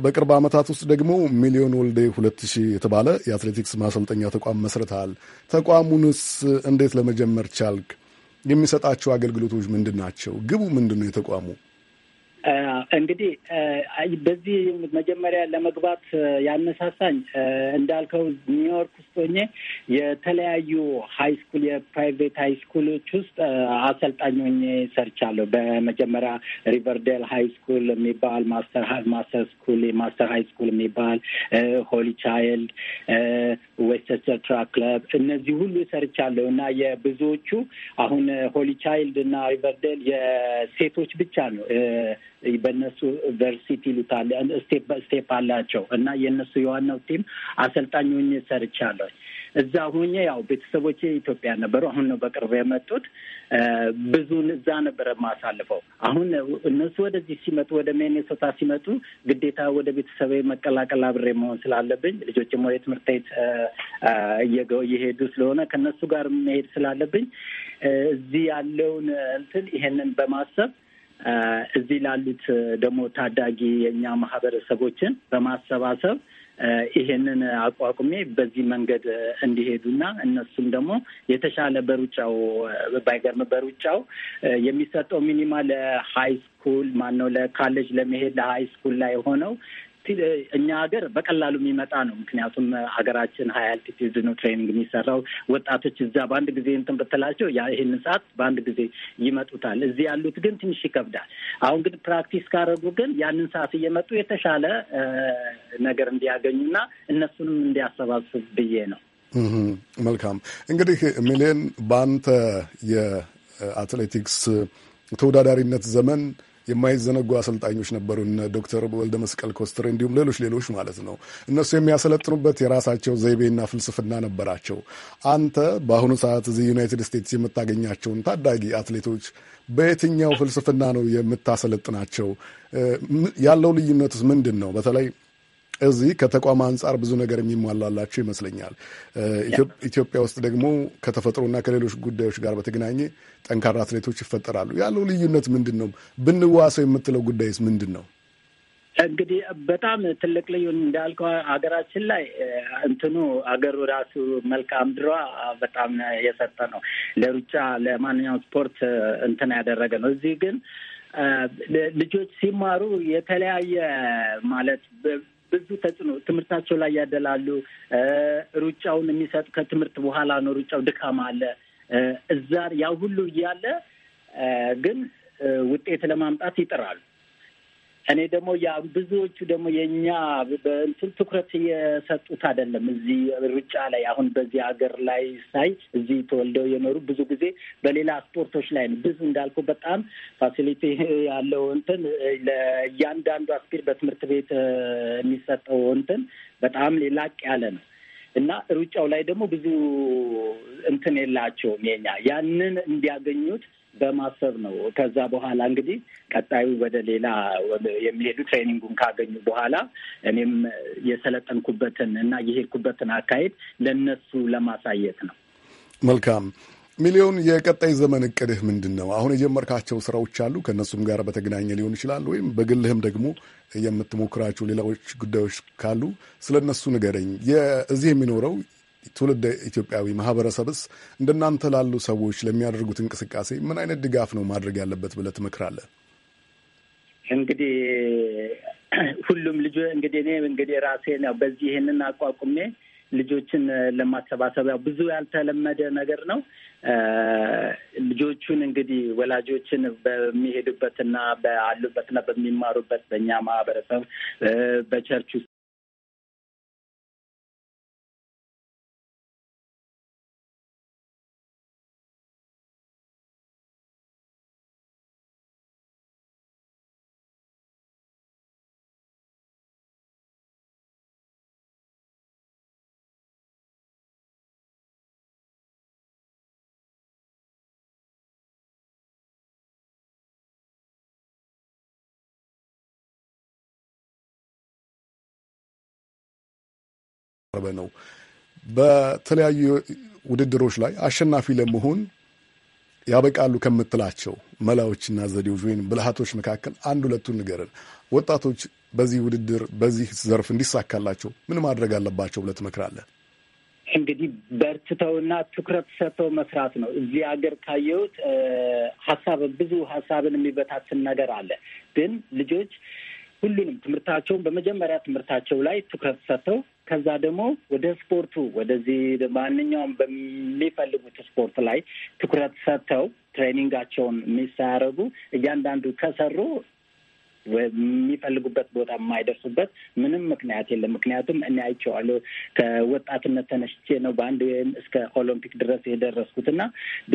በቅርብ ዓመታት ውስጥ ደግሞ ሚሊዮን ወልዴ ሁለት ሺህ የተባለ የአትሌቲክስ ማሰልጠኛ ተቋም መስርተሃል። ተቋሙንስ እንዴት ለመጀመር ቻልክ? የሚሰጣቸው አገልግሎቶች ምንድን ናቸው? ግቡ ምንድን ነው የተቋሙ? እንግዲህ በዚህ መጀመሪያ ለመግባት ያነሳሳኝ እንዳልከው ኒውዮርክ ውስጥ ሆኜ የተለያዩ ሀይ ስኩል የፕራይቬት ሀይ ስኩሎች ውስጥ አሰልጣኝ ሆኜ ሰርቻለሁ። በመጀመሪያ ሪቨርዴል ሀይ ስኩል የሚባል ማስተር ማስተር ስኩል ማስተር ሀይ ስኩል የሚባል ሆሊ ቻይልድ፣ ዌስተቸስተር ትራክ ክለብ እነዚህ ሁሉ ሰርቻለሁ እና የብዙዎቹ አሁን ሆሊ ቻይልድ እና ሪቨርዴል የሴቶች ብቻ ነው በእነሱ ቨርሲቲ ይሉታል ስቴፕ ስቴፕ አላቸው እና የእነሱ የዋናው ቲም አሰልጣኝ ሆኜ ሰርቻለሁ። እዛ ሁኜ ያው ቤተሰቦቼ ኢትዮጵያ ነበሩ። አሁን ነው በቅርብ የመጡት። ብዙን እዛ ነበረ ማሳልፈው። አሁን እነሱ ወደዚህ ሲመጡ፣ ወደ ሚኔሶታ ሲመጡ ግዴታ ወደ ቤተሰብ መቀላቀል አብሬ መሆን ስላለብኝ ልጆችም ወደ ትምህርት ቤት እየሄዱ ስለሆነ ከእነሱ ጋር መሄድ ስላለብኝ እዚህ ያለውን እንትን ይሄንን በማሰብ እዚህ ላሉት ደግሞ ታዳጊ የእኛ ማህበረሰቦችን በማሰባሰብ ይሄንን አቋቁሜ በዚህ መንገድ እንዲሄዱና እነሱም ደግሞ የተሻለ በሩጫው ባይገርም በሩጫው የሚሰጠው ሚኒማ ለሀይ ስኩል ማነው ለካሌጅ ለመሄድ ለሀይ ስኩል ላይ ሆነው እኛ ሀገር በቀላሉ የሚመጣ ነው። ምክንያቱም ሀገራችን ሀይ አልቲቲዩድ ነው ትሬኒንግ የሚሰራው። ወጣቶች እዛ በአንድ ጊዜ እንትን ብትላቸው ያ ይህን ሰዓት በአንድ ጊዜ ይመጡታል። እዚህ ያሉት ግን ትንሽ ይከብዳል። አሁን ግን ፕራክቲስ ካደረጉ ግን ያንን ሰዓት እየመጡ የተሻለ ነገር እንዲያገኙና እነሱንም እንዲያሰባስብ ብዬ ነው። መልካም እንግዲህ ሚሊየን በአንተ የአትሌቲክስ ተወዳዳሪነት ዘመን የማይዘነጉ አሰልጣኞች ነበሩ። ዶክተር ወልደ መስቀል ኮስትር እንዲሁም ሌሎች ሌሎች ማለት ነው። እነሱ የሚያሰለጥኑበት የራሳቸው ዘይቤና ፍልስፍና ነበራቸው። አንተ በአሁኑ ሰዓት እዚህ ዩናይትድ ስቴትስ የምታገኛቸውን ታዳጊ አትሌቶች በየትኛው ፍልስፍና ነው የምታሰለጥናቸው? ያለው ልዩነትስ ምንድን ነው? በተለይ እዚህ ከተቋም አንጻር ብዙ ነገር የሚሟላላቸው ይመስለኛል። ኢትዮጵያ ውስጥ ደግሞ ከተፈጥሮና ከሌሎች ጉዳዮች ጋር በተገናኘ ጠንካራ አትሌቶች ይፈጠራሉ። ያለው ልዩነት ምንድን ነው? ብንዋሰው የምትለው ጉዳይስ ምንድን ነው? እንግዲህ በጣም ትልቅ ልዩ እንዳልከው ሀገራችን ላይ እንትኑ አገሩ ራሱ መልክዓ ምድሯ በጣም የሰጠ ነው ለሩጫ ለማንኛውም ስፖርት እንትን ያደረገ ነው። እዚህ ግን ልጆች ሲማሩ የተለያየ ማለት ብዙ ተጽዕኖ ትምህርታቸው ላይ ያደላሉ። ሩጫውን የሚሰጥ ከትምህርት በኋላ ነው። ሩጫው ድካም አለ እዛ ያ ሁሉ እያለ ግን ውጤት ለማምጣት ይጥራሉ። እኔ ደግሞ ያ ብዙዎቹ ደግሞ የእኛ በእንትን ትኩረት የሰጡት አይደለም። እዚህ ሩጫ ላይ አሁን በዚህ ሀገር ላይ ሳይ እዚህ ተወልደው የኖሩ ብዙ ጊዜ በሌላ ስፖርቶች ላይ ነው ብዙ እንዳልኩ በጣም ፋሲሊቲ ያለው እንትን ለእያንዳንዱ አስፒር በትምህርት ቤት የሚሰጠው እንትን በጣም ላቅ ያለ ነው እና ሩጫው ላይ ደግሞ ብዙ እንትን የላቸውም። የኛ ያንን እንዲያገኙት በማሰብ ነው። ከዛ በኋላ እንግዲህ ቀጣዩ ወደ ሌላ የሚሄዱ ትሬኒንጉን ካገኙ በኋላ እኔም የሰለጠንኩበትን እና የሄድኩበትን አካሄድ ለነሱ ለማሳየት ነው። መልካም ሚሊዮን፣ የቀጣይ ዘመን እቅድህ ምንድን ነው? አሁን የጀመርካቸው ስራዎች አሉ። ከእነሱም ጋር በተገናኘ ሊሆን ይችላል፣ ወይም በግልህም ደግሞ የምትሞክራቸው ሌላዎች ጉዳዮች ካሉ ስለ እነሱ ንገረኝ። እዚህ የሚኖረው ትውልድ ኢትዮጵያዊ ማህበረሰብስ እንደናንተ ላሉ ሰዎች ለሚያደርጉት እንቅስቃሴ ምን አይነት ድጋፍ ነው ማድረግ ያለበት ብለህ ትመክራለህ? እንግዲህ ሁሉም ልጆ እንግዲህ እኔ እንግዲህ ራሴ ነው በዚህ ይህንን አቋቁሜ ልጆችን ለማሰባሰብ ያው ብዙ ያልተለመደ ነገር ነው። ልጆቹን እንግዲህ ወላጆችን በሚሄዱበትና በአሉበትና በሚማሩበት በእኛ ማህበረሰብ በቸርች ውስጥ ረበ ነው። በተለያዩ ውድድሮች ላይ አሸናፊ ለመሆን ያበቃሉ ከምትላቸው መላዎችና ዘዴዎች ወይም ብልሃቶች መካከል አንድ ሁለቱን ንገርን። ወጣቶች በዚህ ውድድር በዚህ ዘርፍ እንዲሳካላቸው ምን ማድረግ አለባቸው ብለህ ትመክራለህ? እንግዲህ በርትተውና ትኩረት ሰጥተው መስራት ነው። እዚህ ሀገር ካየሁት ሀሳብ ብዙ ሀሳብን የሚበታትን ነገር አለ። ግን ልጆች ሁሉንም ትምህርታቸውን በመጀመሪያ ትምህርታቸው ላይ ትኩረት ሰጥተው ከዛ ደግሞ ወደ ስፖርቱ ወደዚህ ማንኛውም በሚፈልጉት ስፖርት ላይ ትኩረት ሰጥተው ትሬኒንጋቸውን የሚሳያረጉ እያንዳንዱ ከሰሩ የሚፈልጉበት ቦታ የማይደርሱበት ምንም ምክንያት የለም። ምክንያቱም እኔ አይቼዋለሁ። ከወጣትነት ተነስቼ ነው በአንድ ወይም እስከ ኦሎምፒክ ድረስ የደረስኩት እና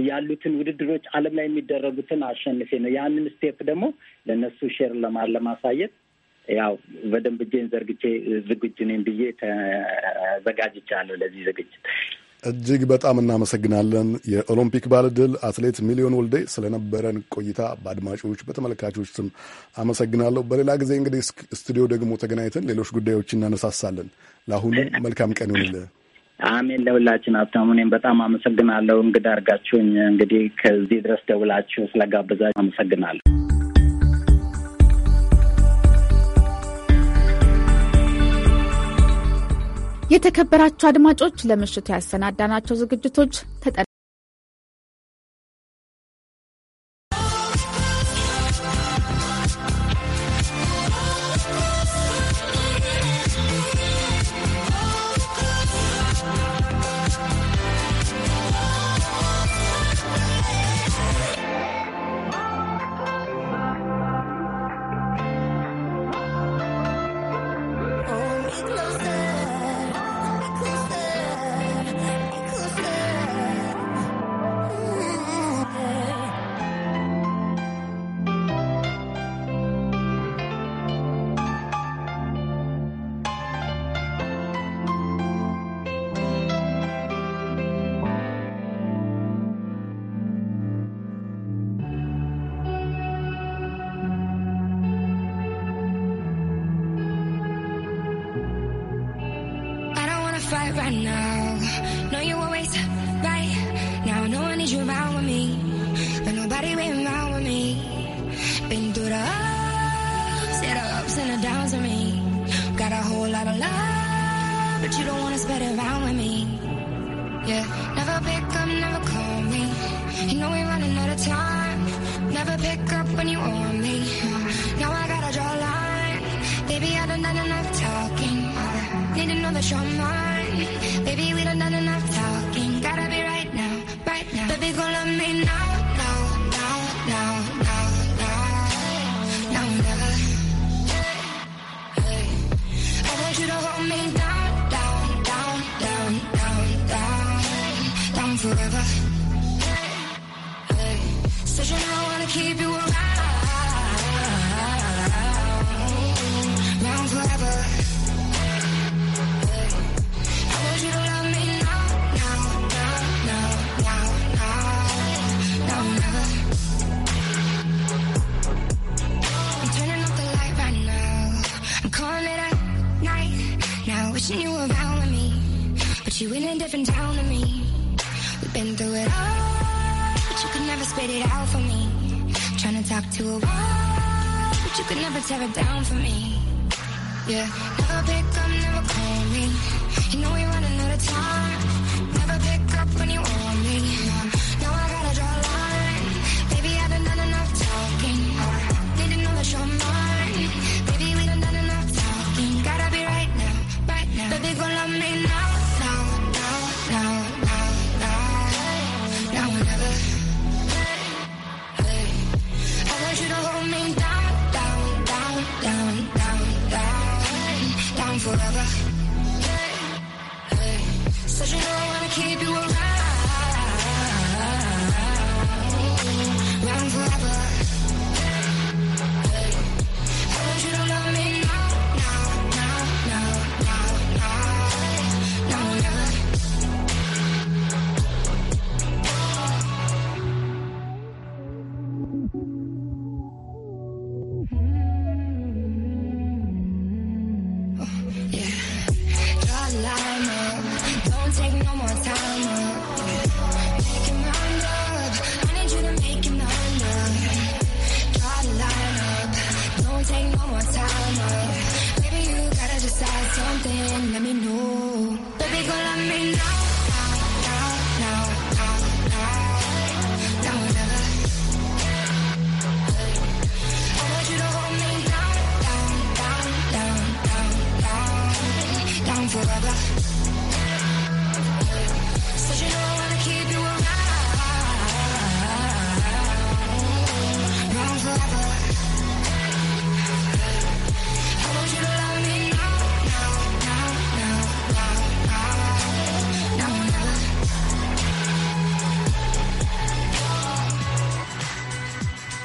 ያሉትን ውድድሮች ዓለም ላይ የሚደረጉትን አሸንፌ ነው። ያንን ስቴፕ ደግሞ ለእነሱ ሼር ለማሳየት ያው በደንብ እጄን ዘርግቼ ዝግጁ ነኝ ብዬ ተዘጋጅቻለሁ ለዚህ ዝግጅት። እጅግ በጣም እናመሰግናለን። የኦሎምፒክ ባለድል አትሌት ሚሊዮን ወልዴ ስለነበረን ቆይታ በአድማጮች በተመልካቾች ስም አመሰግናለሁ። በሌላ ጊዜ እንግዲህ ስቱዲዮ ደግሞ ተገናኝተን ሌሎች ጉዳዮች እናነሳሳለን። ለአሁኑ መልካም ቀን ይሁንልህ። አሜን። ለሁላችን ሀብታሙ፣ እኔም በጣም አመሰግናለሁ። እንግዳ አድርጋችሁኝ እንግዲህ ከዚህ ድረስ ደውላችሁ ስለጋበዛችሁ አመሰግናለሁ። የተከበራቸው አድማጮች ለምሽቱ ያሰናዳናቸው ዝግጅቶች ተጠ right now. know you always right now. No one needs you around with me, but nobody been around with me. Been through the ups, yeah, the ups and the downs with me. Got a whole lot of love, but you don't wanna spread it around with me. Yeah, never pick up, never call me. You know we running out of time. Never pick up when you want me. Now I gotta draw a line. Baby, I done done enough talking. Need to know that you're mine. never tear it down for me. Yeah, never pick up, never call me. You know we